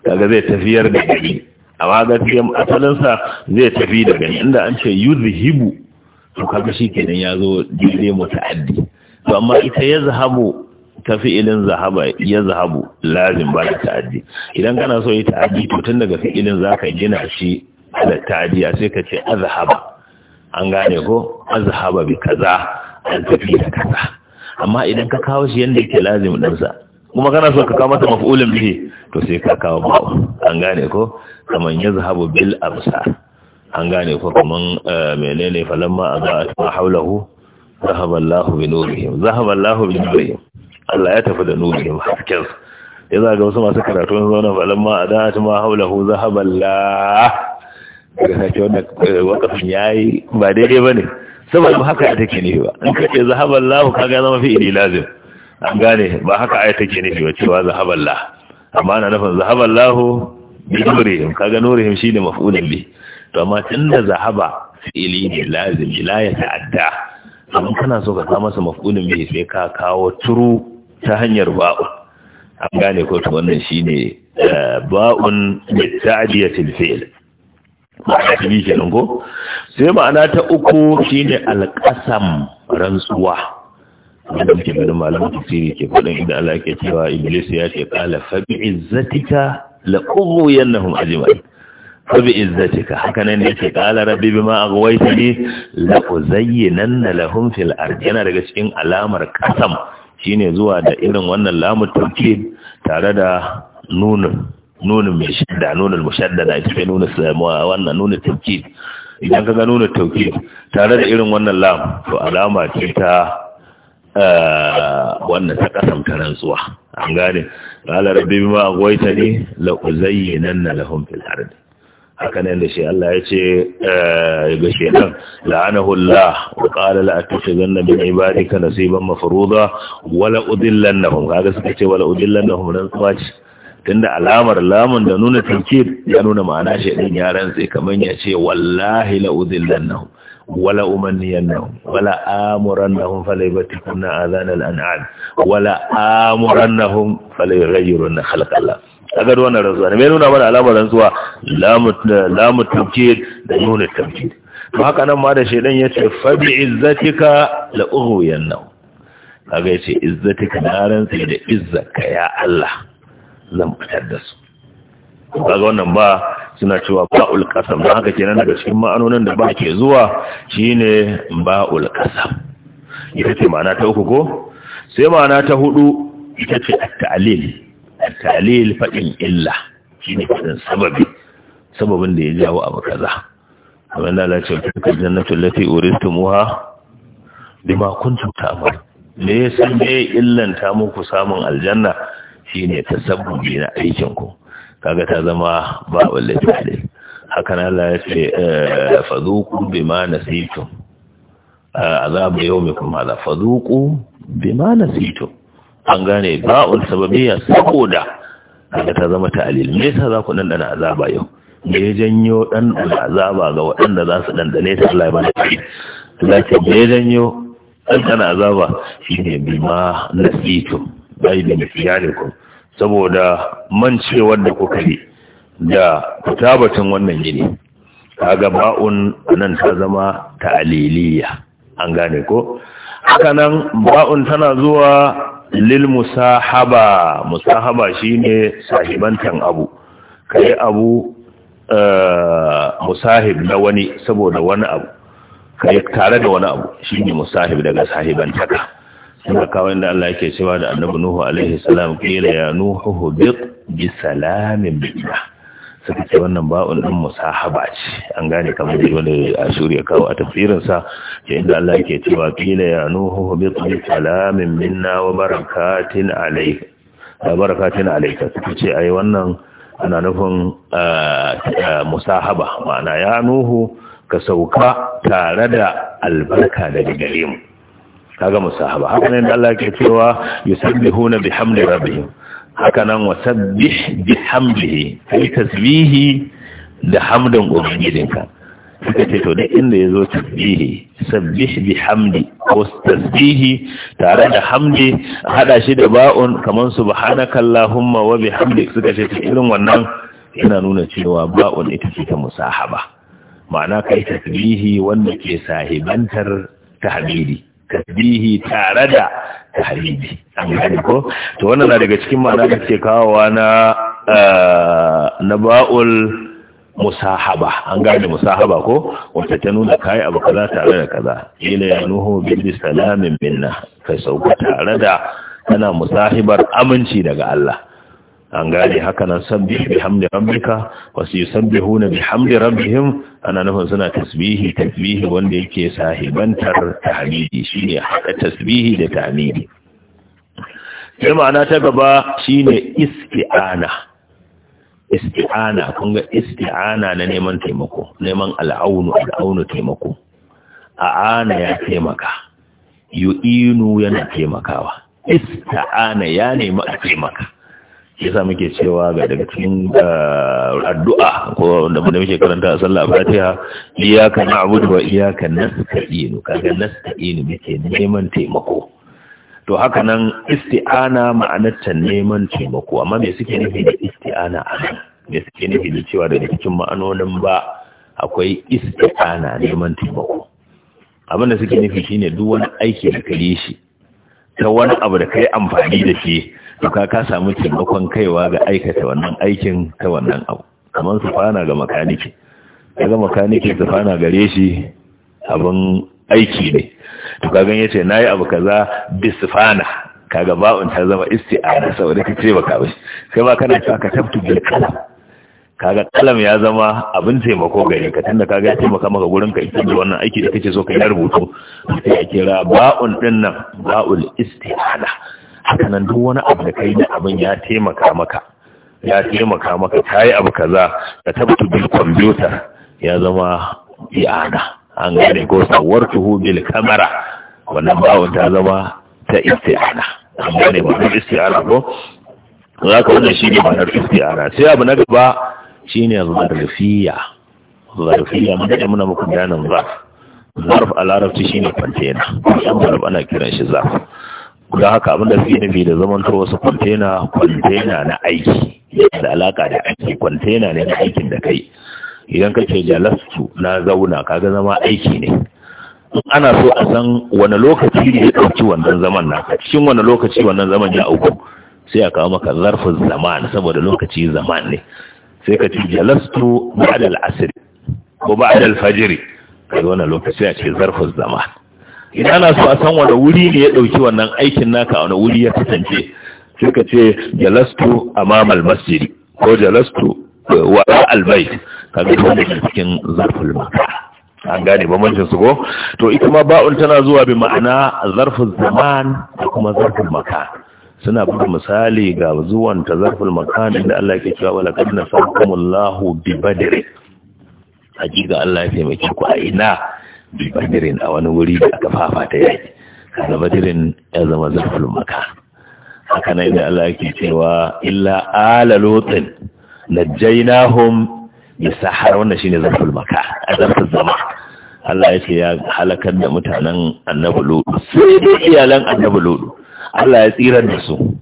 kaga zai tafiyar da gari amma gaskiya asalin sa zai tafi da gari inda an ce yuzhibu to kaga shi kenan ya zo daidai muta'addi to amma ita ya zahabu ta fi'ilin zahaba ya zahabu lazim ba da ta'addi idan kana so yi ta'addi to tun daga fi'ilin za ka gina shi da ta'addi a sai ka ce azhaba an gane ko azhaba bi kaza an tafi da kaza amma idan ka kawo shi yanda yake lazim ɗansa, kuma kana so ka kawo mata maf'ulin bihi to sai ka kawo babu an gane ko kaman yazhabu bil absar an gane ko kaman eh, menene falamma azaa ma haulahu zahaba Allahu bi nurihim zahaba Allahu bi nurihim Allah ya tafi da nurihim hasken ya za ga wasu masu karatu yanzu wannan falamma adat ma haulahu zahaballah daga sake wannan eh, wakafin yi ba daidai ne saboda ba haka take ne ba in kace zahaballahu kaga zama fi ili lazim an gane ba haka ai take ne ba cewa zahaballah amma ana nufin zahaballahu bi nurihim kaga nurihim ne mafudin bi to amma da zahaba fili ne lazim ila ya ta'adda amma kana so ka kama masa mafudin bi sai ka kawo turu ta hanyar ba'un an gane kotu wannan shi ne eh, ba'un bi ta'diyatil fi'l ma'ana ta biyu kenan sai ma'ana ta uku shi ne alƙasam rantsuwa wanda muke ganin malamin tafsiri ke faɗin idan ala ke cewa iblis ya ce ƙala fa bi izzatika la ughwiyannahum ajma'in fa bi izzatika haka nan ne yake ƙala rabbi bima aghwaytani la uzayyinanna lahum fil ardi yana daga cikin alamar ƙasam. shine zuwa da irin wannan lamu tawkid tare da nunin nunin mai shadda nunin mushaddada ita ce nunin wannan nunin tawkid idan ka ga nunin tawkid tare da irin wannan lamun, to alama ce ta eh, wannan ta kasamta rantsuwa an gane qala rabbi bima aghwaytani la uzayyinanna lahum fil ardi haka nan da shi Allah ya ce eh, ga shedan la'anahu Allah wa qala la attakhidanna min ibadika nasiban mafruḍa wala udillannahum kaga suka ce wala udillannahum ran tsawaci tunda alamar lamun da nuna tankir ya nuna ma'ana shedan ya rantse kaman ya ce wallahi la udillannahum wala umanniyannahum wala amuran amurannahum falaybatikuna adhanal an'am wala amuran amurannahum falayughayyirunna khalqallah agar wannan rantsuwa ne me nuna mana alamar rantsuwa lamu tafkir da nuna tafkir to haka nan ma da shedan ya ce fa bi izzatika la ughwiyanna kaga ya ce izzatika na rantsa da izzaka ya Allah zan fitar da su kaga wannan ba suna cewa ba'ul qasam don haka kenan daga cikin ma'anonin da ba ke zuwa shine ba'ul qasam ita ce ma'ana ta uku ko sai ma'ana ta hudu ita ce at-ta'lil talil faɗin illa shine faɗin sababi sababin da ya jawo abu kaza kamar da lalace kuka jannatu lati uritumuha bima kuntum ta'malu me yasa me illan ta muku samun aljanna shine tasabbubi na aikin ku kaga ta zama ba wallahi talil haka na Allah ya ce eh, fadhuqu bima nasitum azab yawmikum hadha fadhuqu bima nasitum an gane ba'un sababiyya saboda kaga ta zama ta'alil me yasa za ku dandana azaba yau me ya janyo dandana azaba ga waɗanda za su dane ta Allah ya bada shi Allah ce me ya janyo dandana azaba shine bima nasitu bai da ku saboda man mancewar da kuka yi da tabatin wannan gini kaga ba'un nan ta zama ta'aliliya an gane ko haka nan ba'un tana zuwa lil musahaba musahaba shine sahibantan abu kai abu eh, musahib na wani saboda wani abu kai tare da wani abu shine musahib daga sahibantaka suna kawai da Allah yake cewa da annabi nuhu alaihi salam kila ya nuhu hubit bi salamin minna suka ce wannan ba'un din musahaba ce an gane kamar da wani ashuri ya kawo a tafsirinsa da inda Allah yake cewa kila ya nuhu bi salamin minna wa barakatin alayka wa barakatin alayka suka ce ai wannan ana nufin musahaba ma'ana ya nuhu ka sauka tare da albarka daga gare mu kaga musahaba haka ne da Allah yake cewa yusabbihuna bihamdi rabbihim hakanan nan sabbih bihamdihi kai tasbihi da hamdan ubangijinka suka ce to duk inda yazo zo tasbihi sabbih bihamdi ko tasbihi tare da hamdi hada shi da ba'un kaman subhanaka allahumma wa bihamdik suka ce to irin wannan yana nuna cewa ba'un ita ce ta musahaba ma'ana kai tasbihi wanda ke sahibantar tahmidi tasbihi tare da tahmidi an gane ko to wannan na daga cikin ma'ana da ke kawowa na eh, na ba'ul musahaba an gane musahaba ko wata ta nuna kai abu kaza tare da kaza ila ya nuhu bi salamin minna kai sauka tare da kana musahibar aminci daga Allah an gane haka nan sabbi bihamdi rabbika wasu yusabbihuna bihamdi rabbihim ana nufin suna tasbihi tasbihi wanda yake sahibantar tahmidi shine haka tasbihi da tahmidi sai ma'ana ta gaba shine isti'ana isti'ana kun ga isti'ana na neman taimako neman al'aunu al'aunu taimako a'ana ya taimaka yu'inu yana taimakawa isti'ana ya nemi a taimaka yasa muke cewa ga daga cikin ah, addu'a ko da mu muke karanta a sallah fatiha iyyaka na'budu wa iyyaka nasta'in kaga nasta'in muke neman taimako to haka nan isti'ana ma'anar ta neman taimako amma me suke nufi da isti'ana a nan me suke nufi da cewa da cikin ma'anonin ba akwai isti'ana neman taimako abin da suke nufi shine duk wani aiki da kare shi ta wani abu da kai amfani da shi Duka ka samu taimakon kaiwa ga aikata wannan aikin ta wannan abu kamar su fana ga makaniki daga makaniki su fana gare shi abin aiki ne Duka gan ka ce na yi abu kaza Ka ga ba'un ta zama isti'ana saboda ka ce baka ba sai ba kana cewa ka tabtu bil kalam kaga kalam ya zama abin taimako gare ka tunda kaga ya taimaka maka gurin ka ita da wannan aiki da kake so ka yi rubutu sai ya kira ba'un dinnan ba'ul isti'ana haka nan duk wani abu da kai da abin ya taimaka maka ya taimaka maka ta yi abu kaza ka tabbata bil kwamfuta ya zama iyana an gane ko sawar tuhu bil kamara wannan bawon ta zama ta isti'ana an gane ba ta isti'ana ko za ka wannan shi ne na isti'ana sai abu na gaba shi ne zarfiya zarfiya mun daɗe muna muku bayanin zarf zarf a larabci shi ne kwantena yan zarf ana kiran shi zarf da haka abin da suke nufi da zaman to wasu kwantena kwantena na aiki da alaka da aiki kwantena ne na aikin da kai idan ka ce jalastu na zauna kaga zama aiki ne ana so a san wani lokaci ne ya ɗauki wannan zaman na cikin wani lokaci wannan zaman ya auku sai a kawo maka zarfin zaman saboda lokaci zaman ne sai ka ce jalastu ba'da al ko ba'da al-fajr kaga wannan lokaci a ce zarfin zaman idan ana so a san wani wuri ne ya ɗauki wannan aikin naka a wani wuri ya kasance sai ka ce jalastu mamal masjidi ko jalastu eh, wara albayt kaga ta wani cikin zarful makara an gane bambancin su ko to ita ma ba'un tana zuwa bi ma'ana zarfin zaman da kuma zarfin makan suna buga misali ga zuwan ta zarfin makan inda Allah ke cewa wala kadna sa'akumullahu bi badri hakika Allah ya taimake ku a ina badirin a wani wuri da aka fafata yaki kaga badirin ya zama zafin maka haka na da Allah ke cewa illa ala lutin najaynahum bi sahar wannan shine zafin maka a zafin zama Allah ya ce ya halakar da mutanen annabi lodu, sai dai iyalan annabi lodu. Allah ya tsira da su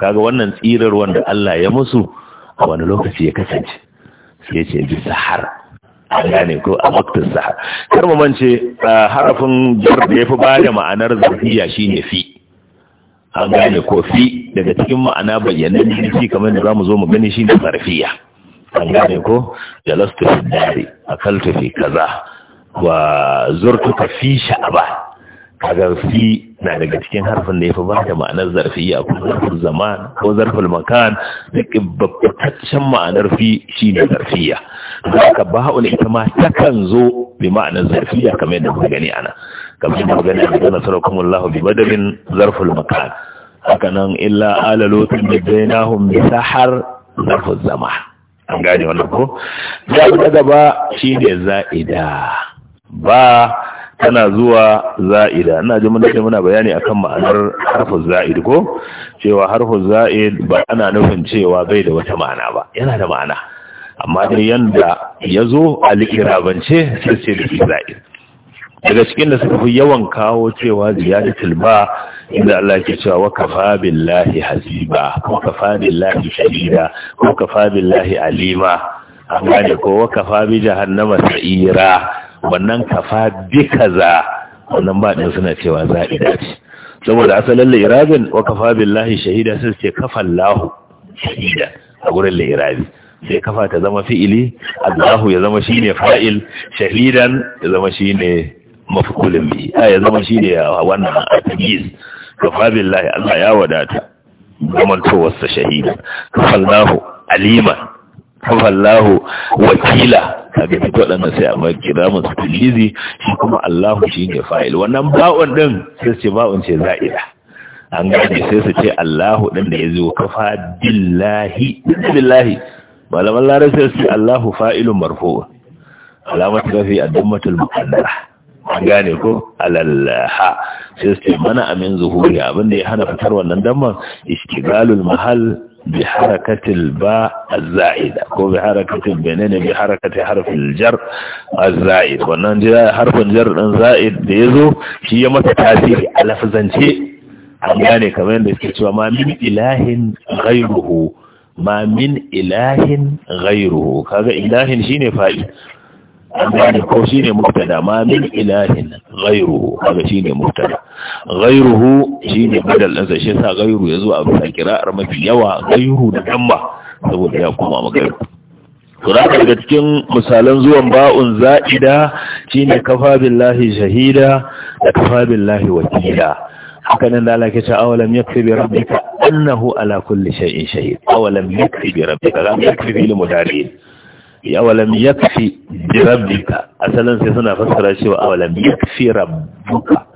kaga wannan tsirar wanda Allah ya musu a wani lokaci ya kasance sai ce bi sahar a gane ko a waktin kar mu mance uh, harafin jar da fi ba da ma'anar zarfiya ne fi an gane ko fi daga cikin ma'ana bayyanan ne fi kamar da zamu zo mu gani ne zarfiya an gane ko jalastu fi dari fi kaza wa zurtuka fi sha'aba kaga fi na daga cikin harfin da ya fi ba da ma'anar zarfiya ko zarfin zaman ko zarfin makan da ƙibbataccen ma'anar fi shi ne zarfiya haka ba'un ita ma takan zo bi ma'anar ya kamar yadda kuka gani ana kamar yadda kuka gani a ana nasarakumullahu bi madadin zarful makan haka nan illa ala lutun da bainahum bi sahar zarful zama an gane wannan ko ba gaba ne za'ida ba tana zuwa za'ida ina ji mun dade muna bayani akan ma'anar harfin za'id ko cewa harfin za'id ba ana nufin cewa bai da wata ma'ana ba yana da ma'ana amma dai yanda ya zo a likirabance sai ce da isra'il daga cikin da suka fi yawan kawo cewa ziyadatul ba inda Allah ke cewa wa kafa billahi hasiba ko kafa billahi shahida ko kafa billahi alima amma ne ko wa kafa bi jahannama sa'ira wannan kafa bi kaza wannan ba din suna cewa za'ida ce saboda asalin lirabin wa kafa billahi shahida sai ce kafa Allahu shahida a gurin lirabi sai kafa ta zama fi'ili Allahu ya zama shine fa'il shahidan ya zama shine mafkulin bi ya zama shine wannan atamiz to fa billahi Allah ya wadata to wasa shahida kafallahu alima kafallahu wakila kaga duk waɗanda sai a mai kira musu tilizi shi kuma Allahu shine fa'il wannan ba'un din sai ce ba'un ce za'ida an gane sai su ce Allahu din da ya zo kafa billahi billahi malaman larabci su Allahu fa'ilun marfu alamatu kafi addammatul muqaddara an gane ko alallaha sai su mana amin zuhuri abinda ya hana fitar wannan damar, ishtigalul mahal bi harakatil ba a zaida ko bi harakatil banana bi harakati harfin jar a zaid wannan jira harfin jar ɗin za'id da zo, shi ya masa tasiri a lafzance an gane kamar yadda suke cewa ma min ilahin ghayruhu ma min ilahin ghairuhu kaga ilahin shine fa'il an gane ko shine mubtada ma min ilahin ghairuhu kaga shine mubtada ghairuhu shine badal din sa shi sa ghairu yazo a rubuta kira'ar mafi yawa ghairu da damma saboda ya koma magana Suraka daga cikin misalan zuwan ba'un za'ida shine kafa billahi shahida da kafa billahi wakila haka nan da Allah ke ce awalam yakfi bi rabbika annahu ala kulli shay'in shahid lam yakfi bi rabbika lam yakfi bil mudari lam yakfi bi rabbika asalan sai suna fassara cewa lam yakfi rabbuka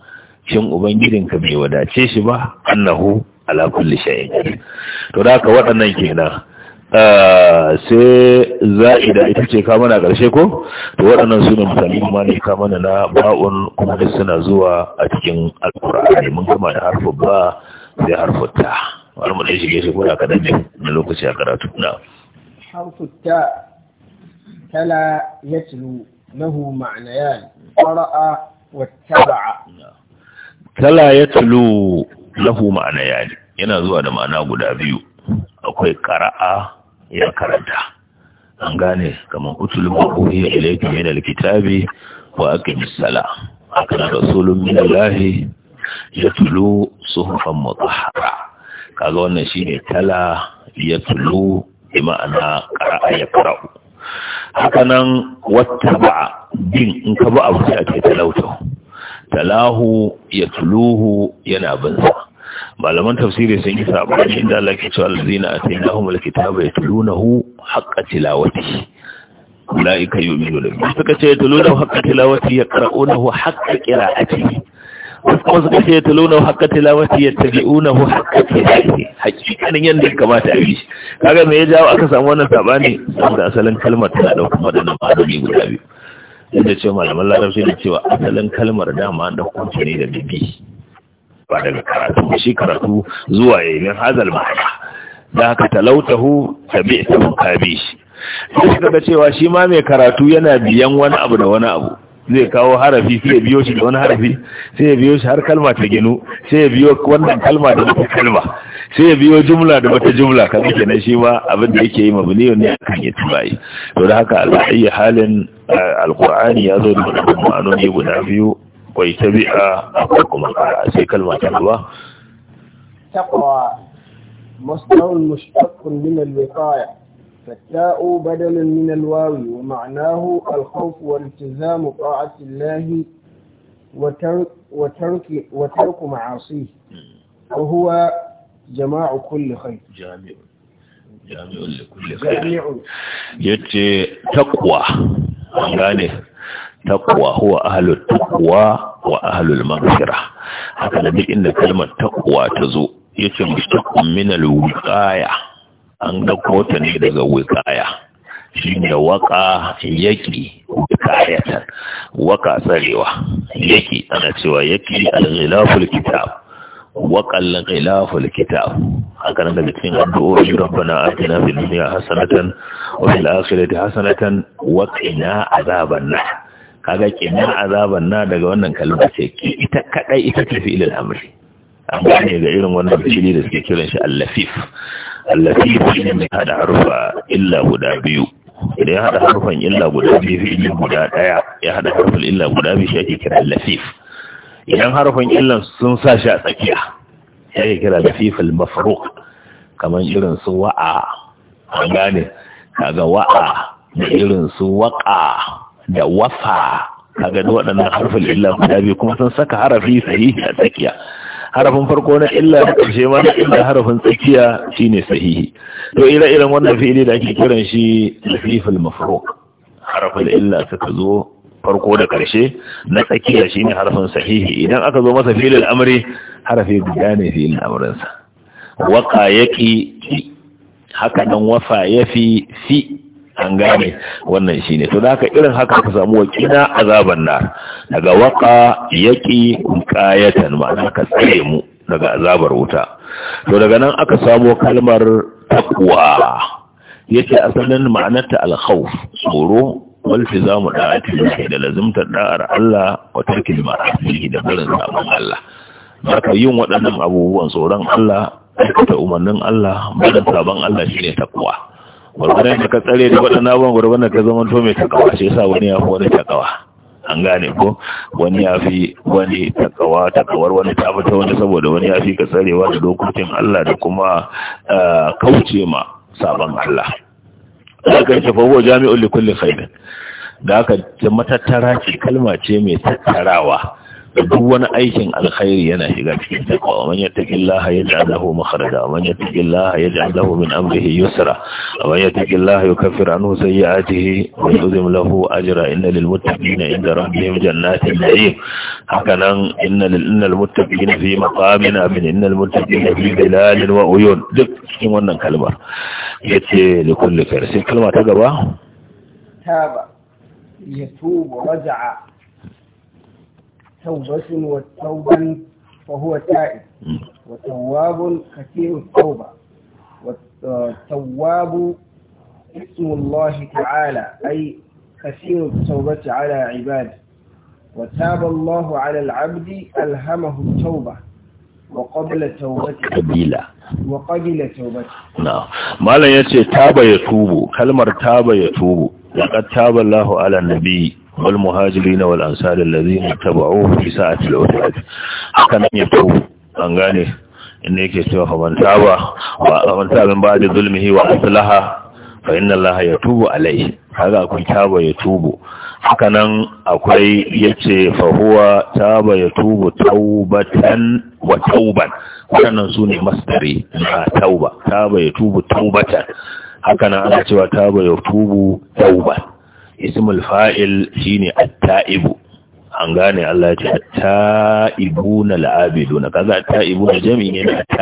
shin ubangijinka bai wadace shi ba annahu ala kulli shay'in to da haka waɗannan kenan ah, sai za'ida ita ce ka mana ƙarshe ko to waɗannan su ne kuma ne ka mana na ba'un kuma da suna zuwa a cikin alƙur'ani mun kama da harfin ba sai harfin ta wani mu dai shige shi kuna kaɗan ne na lokaci a karatu na harfu ta tala ya tilu lahu ma'anayan ƙara'a wa taba'a tala ya tilu lahu ma'anayan yana zuwa da ma'ana guda biyu akwai ƙara'a ya karanta an gane kamar utulu ma'uhi ilaikum min alkitabi wa aqimis sala haka rasulun min allahi yatlu suhufan mutahhara kaga wannan shine tala ya tulu bi ma'ana qara'a ya qara'u haka nan wattaba din in ka ba abu sai ake talauta talahu ya tuluhu yana bin sa malaman tafsiri sun yi sabani inda Allah ke cewa allazina atainahum alkitaba yatlunahu haqqa tilawati ulaika yu'minuna suka ce yatlunahu haqqa tilawati yaqra'unahu haqqa qira'atihi kuma suka ce ta yataluna haqqa tilawati yattabi'unahu haqqa ke. hakikanin yadda ya kamata a yi kaga me ya jawo aka samu wannan sabani saboda asalin kalmar tana ɗaukar wadannan ma'anoni guda biyu yadda ce malaman larabci da cewa asalin kalmar dama da kunta ne da bibi ba daga karatu shi karatu zuwa ya yi min hazal ma'ana da haka talautahu tabi'tahu kabi shi sai suka ga cewa shi ma mai karatu yana biyan wani abu da wani abu zai kawo harafi sai ya biyo shi da wani harafi sai ya biyo shi har kalma ta ginu sai ya biyo wannan kalma da wata kalma sai ya biyo jumla da wata jumla kaza kenan shi ma abin da yake yi mabniyo ne akan itibai to da haka al'ayyi halin eh, alqur'ani ya zo da ma'anoni guda biyu wai tabi'a akwai kuma kara sai kalma ta gaba taqwa masdarun mushtaq min al-wiqaya فالتاء بدل من الواو ومعناه الخوف والتزام طاعة الله وترك, وترك, وترك معاصيه وهو جماع كل خير جامع جامع لكل خير يتي تقوى يعني تقوى هو أهل التقوى وأهل المغفرة هكذا دي إن كلمة تقوى تزو يتي مشتق من الوقاية an ɗauko ta ne daga wikaya shi ne waka yaki wikayatan waka tsarewa yaki ana cewa yaki al-ghilaful kitab waka al-ghilaful kitab haka nan daga cikin addu'o'i rabbana atina fid dunya hasanatan wa fil akhirati hasanatan wa qina azaban nar kaga qina azaban nar daga wannan kalma ce ki ita kadai ita ce fi'il al-amri amma ne ga irin wannan fili da suke kiran shi al-lafif allafi fiye mai hada harfa illa guda biyu idan ya hada harfan illa guda biyu fiye guda daya ya hada harfan illa guda biyu shi ake kira lafif idan harfan illan sun sa shi a tsakiya ya ake kira lafif al-mafruq kamar irin su wa'a an gane kaga wa'a da irin su waƙa, da wafa kaga da waɗannan harfin illa guda biyu kuma sun saka harafi sahihi a tsakiya harafin farko na illa da ƙarshe ma na illa harafin tsakiya shine sahihi to ira iren wannan fi'ili da ake kiran shi lafiful mafruq harafin illa suka zo farko da ƙarshe na tsakiya shine harafin sahihi idan aka zo masa fi'il amri harafi guda ne fi'il amrinsa waqa yaqi haka nan wafa yafi fi an gane wannan shine to haka irin haka ka samu wakina azaban nar daga waka yaki kayatan ma'ana ka tsare mu daga azabar wuta to daga nan aka samo kalmar takwa yace asalin ma'anarta al-khawf tsoro والتزام دعاته ne da lazimtar da'ar Allah wa tarkil ma'asihi da barin sabon Allah baka yin waɗannan abubuwan tsoron Allah aikata umarnin Allah barin sabon Allah shine takwa gwargwadon da ka tsare da waɗanda abubuwan gwargwadon da ka zama to mai takawa shi yasa wani ya fi wani takawa an gane ko wani ya fi wani takawa takawar wani ta fita wani saboda wani ya fi ka tsarewa da dokokin Allah da kuma eh, kauce ma sabon Allah da aka ce fawo jami'ul likulli khairin da aka matattara ce kalma ce mai tattarawa da duk wani aikin alkhairi yana shiga cikin taqwa wa man yattaqillaha yaj'al lahu makhraja wa man yattaqillaha yaj'al lahu min amrihi yusra wa man yattaqillaha sai ya ajihi. wa yuzim lahu ajra inna lil muttaqina inda rabbihim jannatin na'im nan, inna lil innal muttaqina fi maqamin amin innal muttaqina fi dhilalin wa uyun duk cikin wannan kalmar yace li kulli khair sai kalma ta gaba taba yatubu raja'a توبة وتوبا فهو تائب وتواب كثير التوبة والتواب اسم الله تعالى أي كثير التوبة على عباده وتاب الله على العبد ألهمه التوبة وقبل توبته قبيلة وقبل توبته نعم ما لا يتي تاب يتوب كلمة تاب يتوب لقد تاب الله على النبي والمهاجرين والأنصار الذين اتبعوه في ساعة العتبة كان يتوب an gane inda yake cewa faman taba wa man taba min ba'da zulmi wa aslaha fa inna allaha yatubu alayhi kaga akwai taba yatubu haka nan akwai yace fa huwa taba yatubu taubatan wa tauban wannan sune masdari na tauba taba yatubu taubatan ana cewa tauban ismul fa'il shine at-ta'ibu an gane Allah ya ce at-ta'ibuna al-abiduna kaga at-ta'ibuna jami'i ne at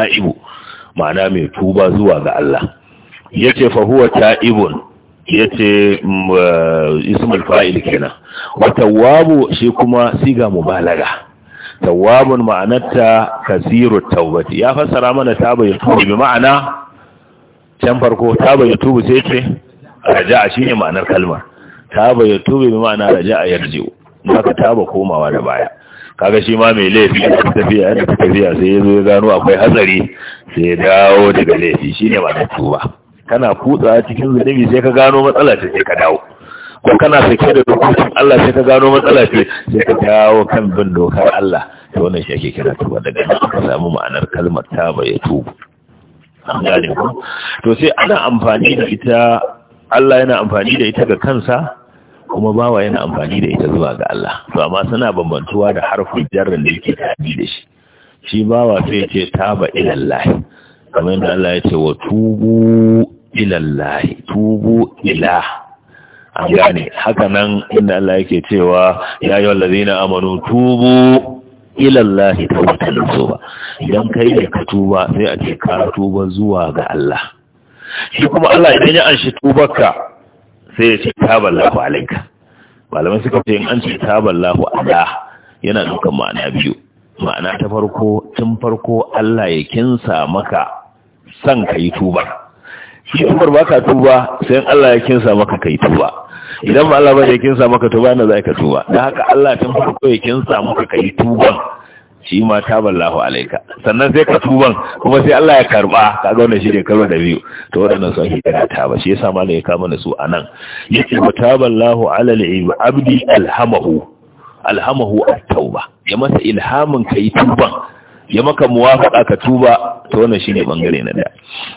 ma'ana mai tuba zuwa ga Allah yace fa huwa ta'ibun mm, uh, ismul fa'il kenan wa tawwabu shi kuma siga mubalaga tawwabun ma'anarta kasiru tawbati ya fassara mana taba yatubu bi ma'ana can farko taba yatubu sai ce raja'a shine ma'anar kalmar taba ya tube bi ma'ana raja a yarji'u haka taba komawa da baya kaga shi ma mai laifi da tafiya yana tafiya sai ya zo ya gano akwai hatsari sai ya dawo daga laifi shine ba na tuba kana kutsa cikin zunubi sai ka gano matsala ce sai ka dawo ko kana sake da dokokin Allah sai ka gano matsala ce sai ka dawo kan bin dokar Allah to wannan shi ake kira tuba daga nan ka samu ma'anar kalmar taba ya tubu to sai ana amfani da ita Allah yana amfani da ita ga kansa kuma bawa yana amfani da ita zuwa ga Allah to amma suna bambantuwa da harfin jarrin da yake tabi da shi shi bawa sai ce taba ilallahi kamar da Allah ya ce wa tubu ilallahi tubu ila an gane haka nan inda Allah yake cewa ya yi na amanu tubu ilallahi ta tawbatan ba. idan kai ne ka tuba sai a ce ka tuba zuwa ga Allah shi kuma Allah idan ya anshi tubarka sai ya ce taballahu alaika malamai suka ce an ce taballahu ala yana dukan ma'ana biyu ma'ana ta farko tun farko Allah ya kinsa maka san ka yi tuba shi tubar ba ka tuba sai Allah ya kinsa maka ka yi tuba idan ba Allah ba ya kinsa maka tuba na za ka tuba da haka Allah tun farko ya kinsa maka ka yi tuban shi ma taballahu alaika sannan sai ka tuban kuma sai Allah ya karba ga wannan shi ne karo da biyu to wadannan sun yi kana taba shi yasa malai ya kama da su anan yace taballahu alal abdi alhamahu alhamahu at-tauba ya masa ilhamin kai tuban ya maka muwafaqa ka tuba to wannan shine bangare na daya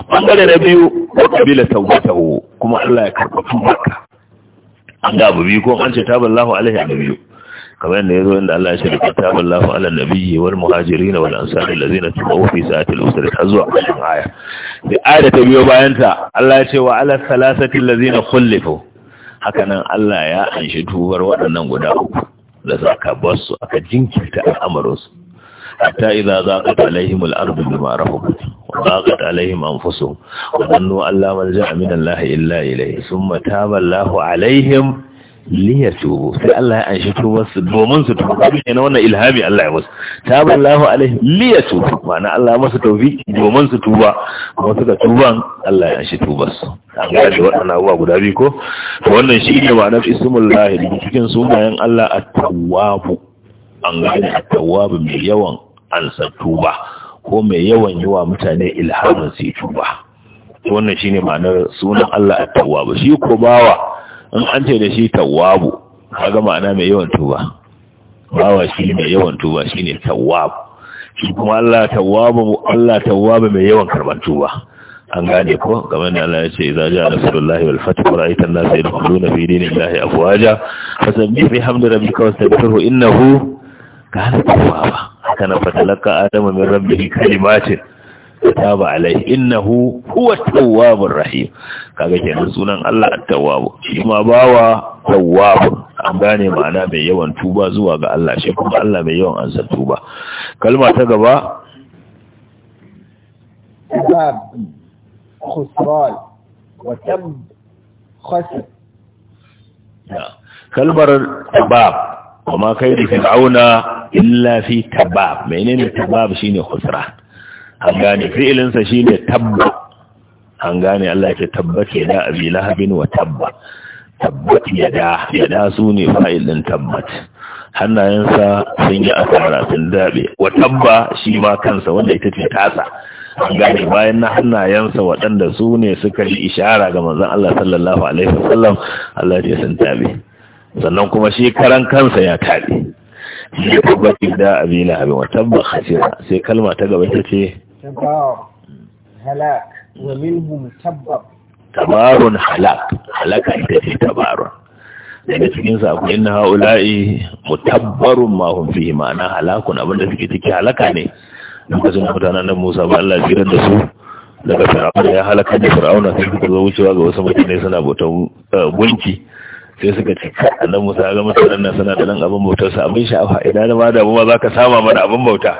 bangare na biyu kabila tawbatahu kuma Allah ya karba tubarka an ga abu biyu ko an ce taballahu alaihi abu biyu kamar yadda ya zo inda Allah ya ce da kitabun lafi ala nabiyyi wal muhajiri na wal ansari lazi na tuba fi sa'atil usri har zuwa ƙarshen aya da ta biyo bayan ta Allah ya ce wa ala salasatin lazi na kullifu haka nan Allah ya anshi tubar waɗannan guda uku da saka basu aka jinkirta al'amarinsu hatta idza zaqat alaihim al-ardu bima rahabat wa zaqat alaihim anfusuhum Allah illa alaihim liya tubu sai Allah ya anshi tubarsu domin su tubu abin ne na wannan ilhami Allah ya musu Allah alaihi liya tubu ma'ana Allah ya musu taufi domin su tuba kuma suka tuban Allah ya anshi tubarsu an ga da wannan abuwa guda biyu ko to wannan shi ne ma'anar ismullahi cikin sunayen Allah at-tawwabu an ga at-tawwabu mai yawan ansa tuba ko mai yawan yi wa mutane ilhamin su tuba wannan shine ma'anar sunan Allah at-tawwabu shi ko bawa in an ce da shi tawabu kaga ma'ana mai yawan tuba bawa shi mai yawan tuba shi ne tawabu shi kuma Allah tawabu Allah tawabu mai yawan karban tuba an gane ko kamar da Allah ya ce za ja nasrullahi wal fath ra'aita an-nasa yadkhuluna fi dinillahi afwaja fasabbih bihamdi rabbika wastaghfirhu innahu kana tawwaba kana fatalaka adamu min rabbihi kalimatin taba alaihi innahu huwa tawwabur rahim kaga kenan sunan Allah at-tawwab shi ma bawa tawwab an gane ma'ana mai yawan tuba zuwa ga Allah shi kuma Allah mai yawan ansa tuba kalma ta gaba tab khusral wa tab kalmar tabab kuma kai da fir'auna illa fi tabab menene tabab shine khusran an gane fi'ilinsa shi ne tabba an gane Allah ke tabba ke da abi lahabin wa tabba ya da, ya da su ne fa'ilin tabbat hannayensa sun yi asara sun dabe wa tabba shi ma kansa wanda ita ce tasa an gane bayan na hannayensa waɗanda su ne suka yi ishara ga manzon Allah sallallahu alaihi wasallam Allah ce sun tabe sannan kuma shi karan kansa ya tabe ya tabbata da abi lahabin wa tabba khasira sai kalma ta gaba ta ce تبار هلاك ومنهم تبر Halak هلاك هلاك أنت تبار daga cikin sa akwai inna haula'i mutabbarun ma hum ma'ana halakun abinda suke ciki halaka ne lokacin mutanen nan Musa ba Allah jiran da su daga fir'auna ya halaka da fir'auna sai suka zo wucewa ga wasu mutane suna bautan gunki sai suka ce annan Musa ga mutanen nan suna da nan abin bautar sa abin sha'awa idan ma da mu ma ka sama mana abin bauta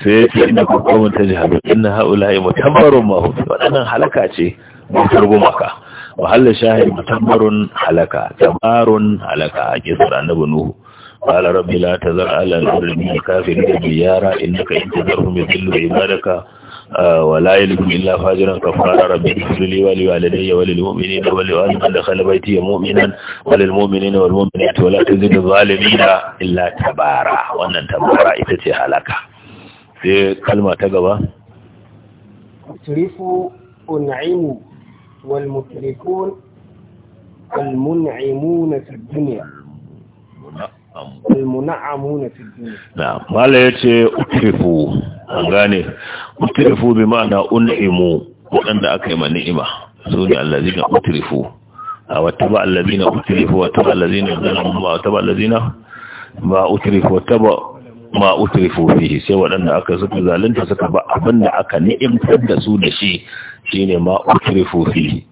sai ya ce ina kokarin ta jihar inna haula'i mutabbarun ma hum wadannan halaka ce bautar gumaka wahalar shahid mutabbarun halaka tabarun halaka a kisar annabi nuhu قال رب لا تذر على الأرض كافرين ديارا إنك إن تذرهم يضلوا عبادك ولا يلكم إلا فاجرا كفارا ربي اغفر لي ولوالدي وللمؤمنين ولوالد من دخل بيتي مؤمنا وللمؤمنين والمؤمنات ولا تزد الظالمين إلا تبارا وأن تبارا إتتي هلكا sai kalma ta gaba mutrifu un'imu wal mutrifun al mun'imuna fi dunya al mun'amuna fi dunya mala yace an gane utrifu bi ma'ana un'imu ma ni'ima allazina الذين أترفوا الذين ظلموا الذين ما أترفوا ma utrifu fihi sai waɗanda aka suka zalunta suka ba abinda da aka ni'imtar da su da shi shine ma utrifu fihi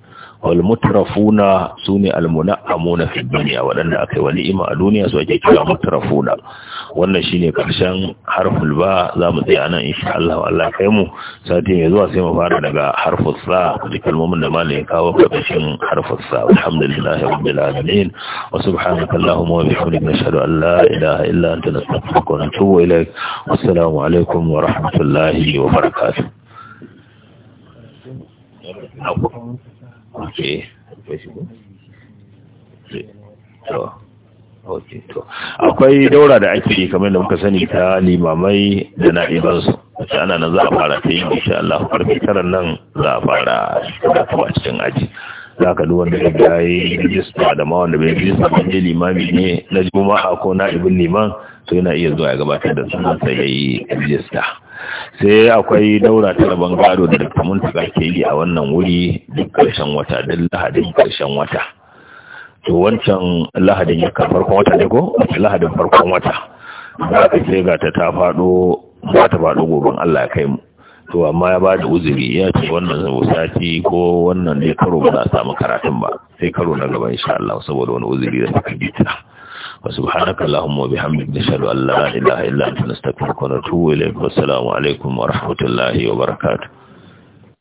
wal mutrafuna sune al muna'amuna fi dunya waɗanda aka yi wa ni'ima a duniya su ake kira mutrafuna wannan shine karshen harful ba za mu tsaya nan insha Allah Allah ya kai mu sati mai zuwa sai mu fara daga harful sa da kalmomin da malamin kawo karshen harful sa alhamdulillahi rabbil alamin wa subhanaka allahumma wa bihamdika nashhadu an la ilaha illa anta nastaghfiruka wa natubu ilaik wassalamu alaikum wa rahmatullahi wa barakatuh Okay. Okay. So. akwai daura da ake yi kamar da muka sani ta limamai da na'ibansu Wace ana nan za a fara ta yi insha Allah karfe tara nan za a fara karatu a cikin aji za ka duwan da ya yi rijista da ma wanda bai rijista ba ne limami ne na juma'a ko na'ibin liman to yana iya zuwa ya gabatar da sunan sa ya yi rijista sai akwai daura ta rabon gado da dukkan mun ke yi a wannan wuri duk karshen wata duk lahadin karshen wata to wancan lahadin ya farkon wata ne ko lahadin farkon wata za ka ce ga ta ta faɗo ba ta faɗo goben Allah ya kai mu to amma ya ba da uzuri ya ce wannan sati ko wannan ne karo ba za a samu karatun ba sai karo na gaba insha Allah saboda wani uzuri da suka bi ta wa subhanaka allahumma wa bihamdika nashhadu an la ilaha illa anta nastaghfiruka wa natubu alaikum wa rahmatullahi wa barakatuh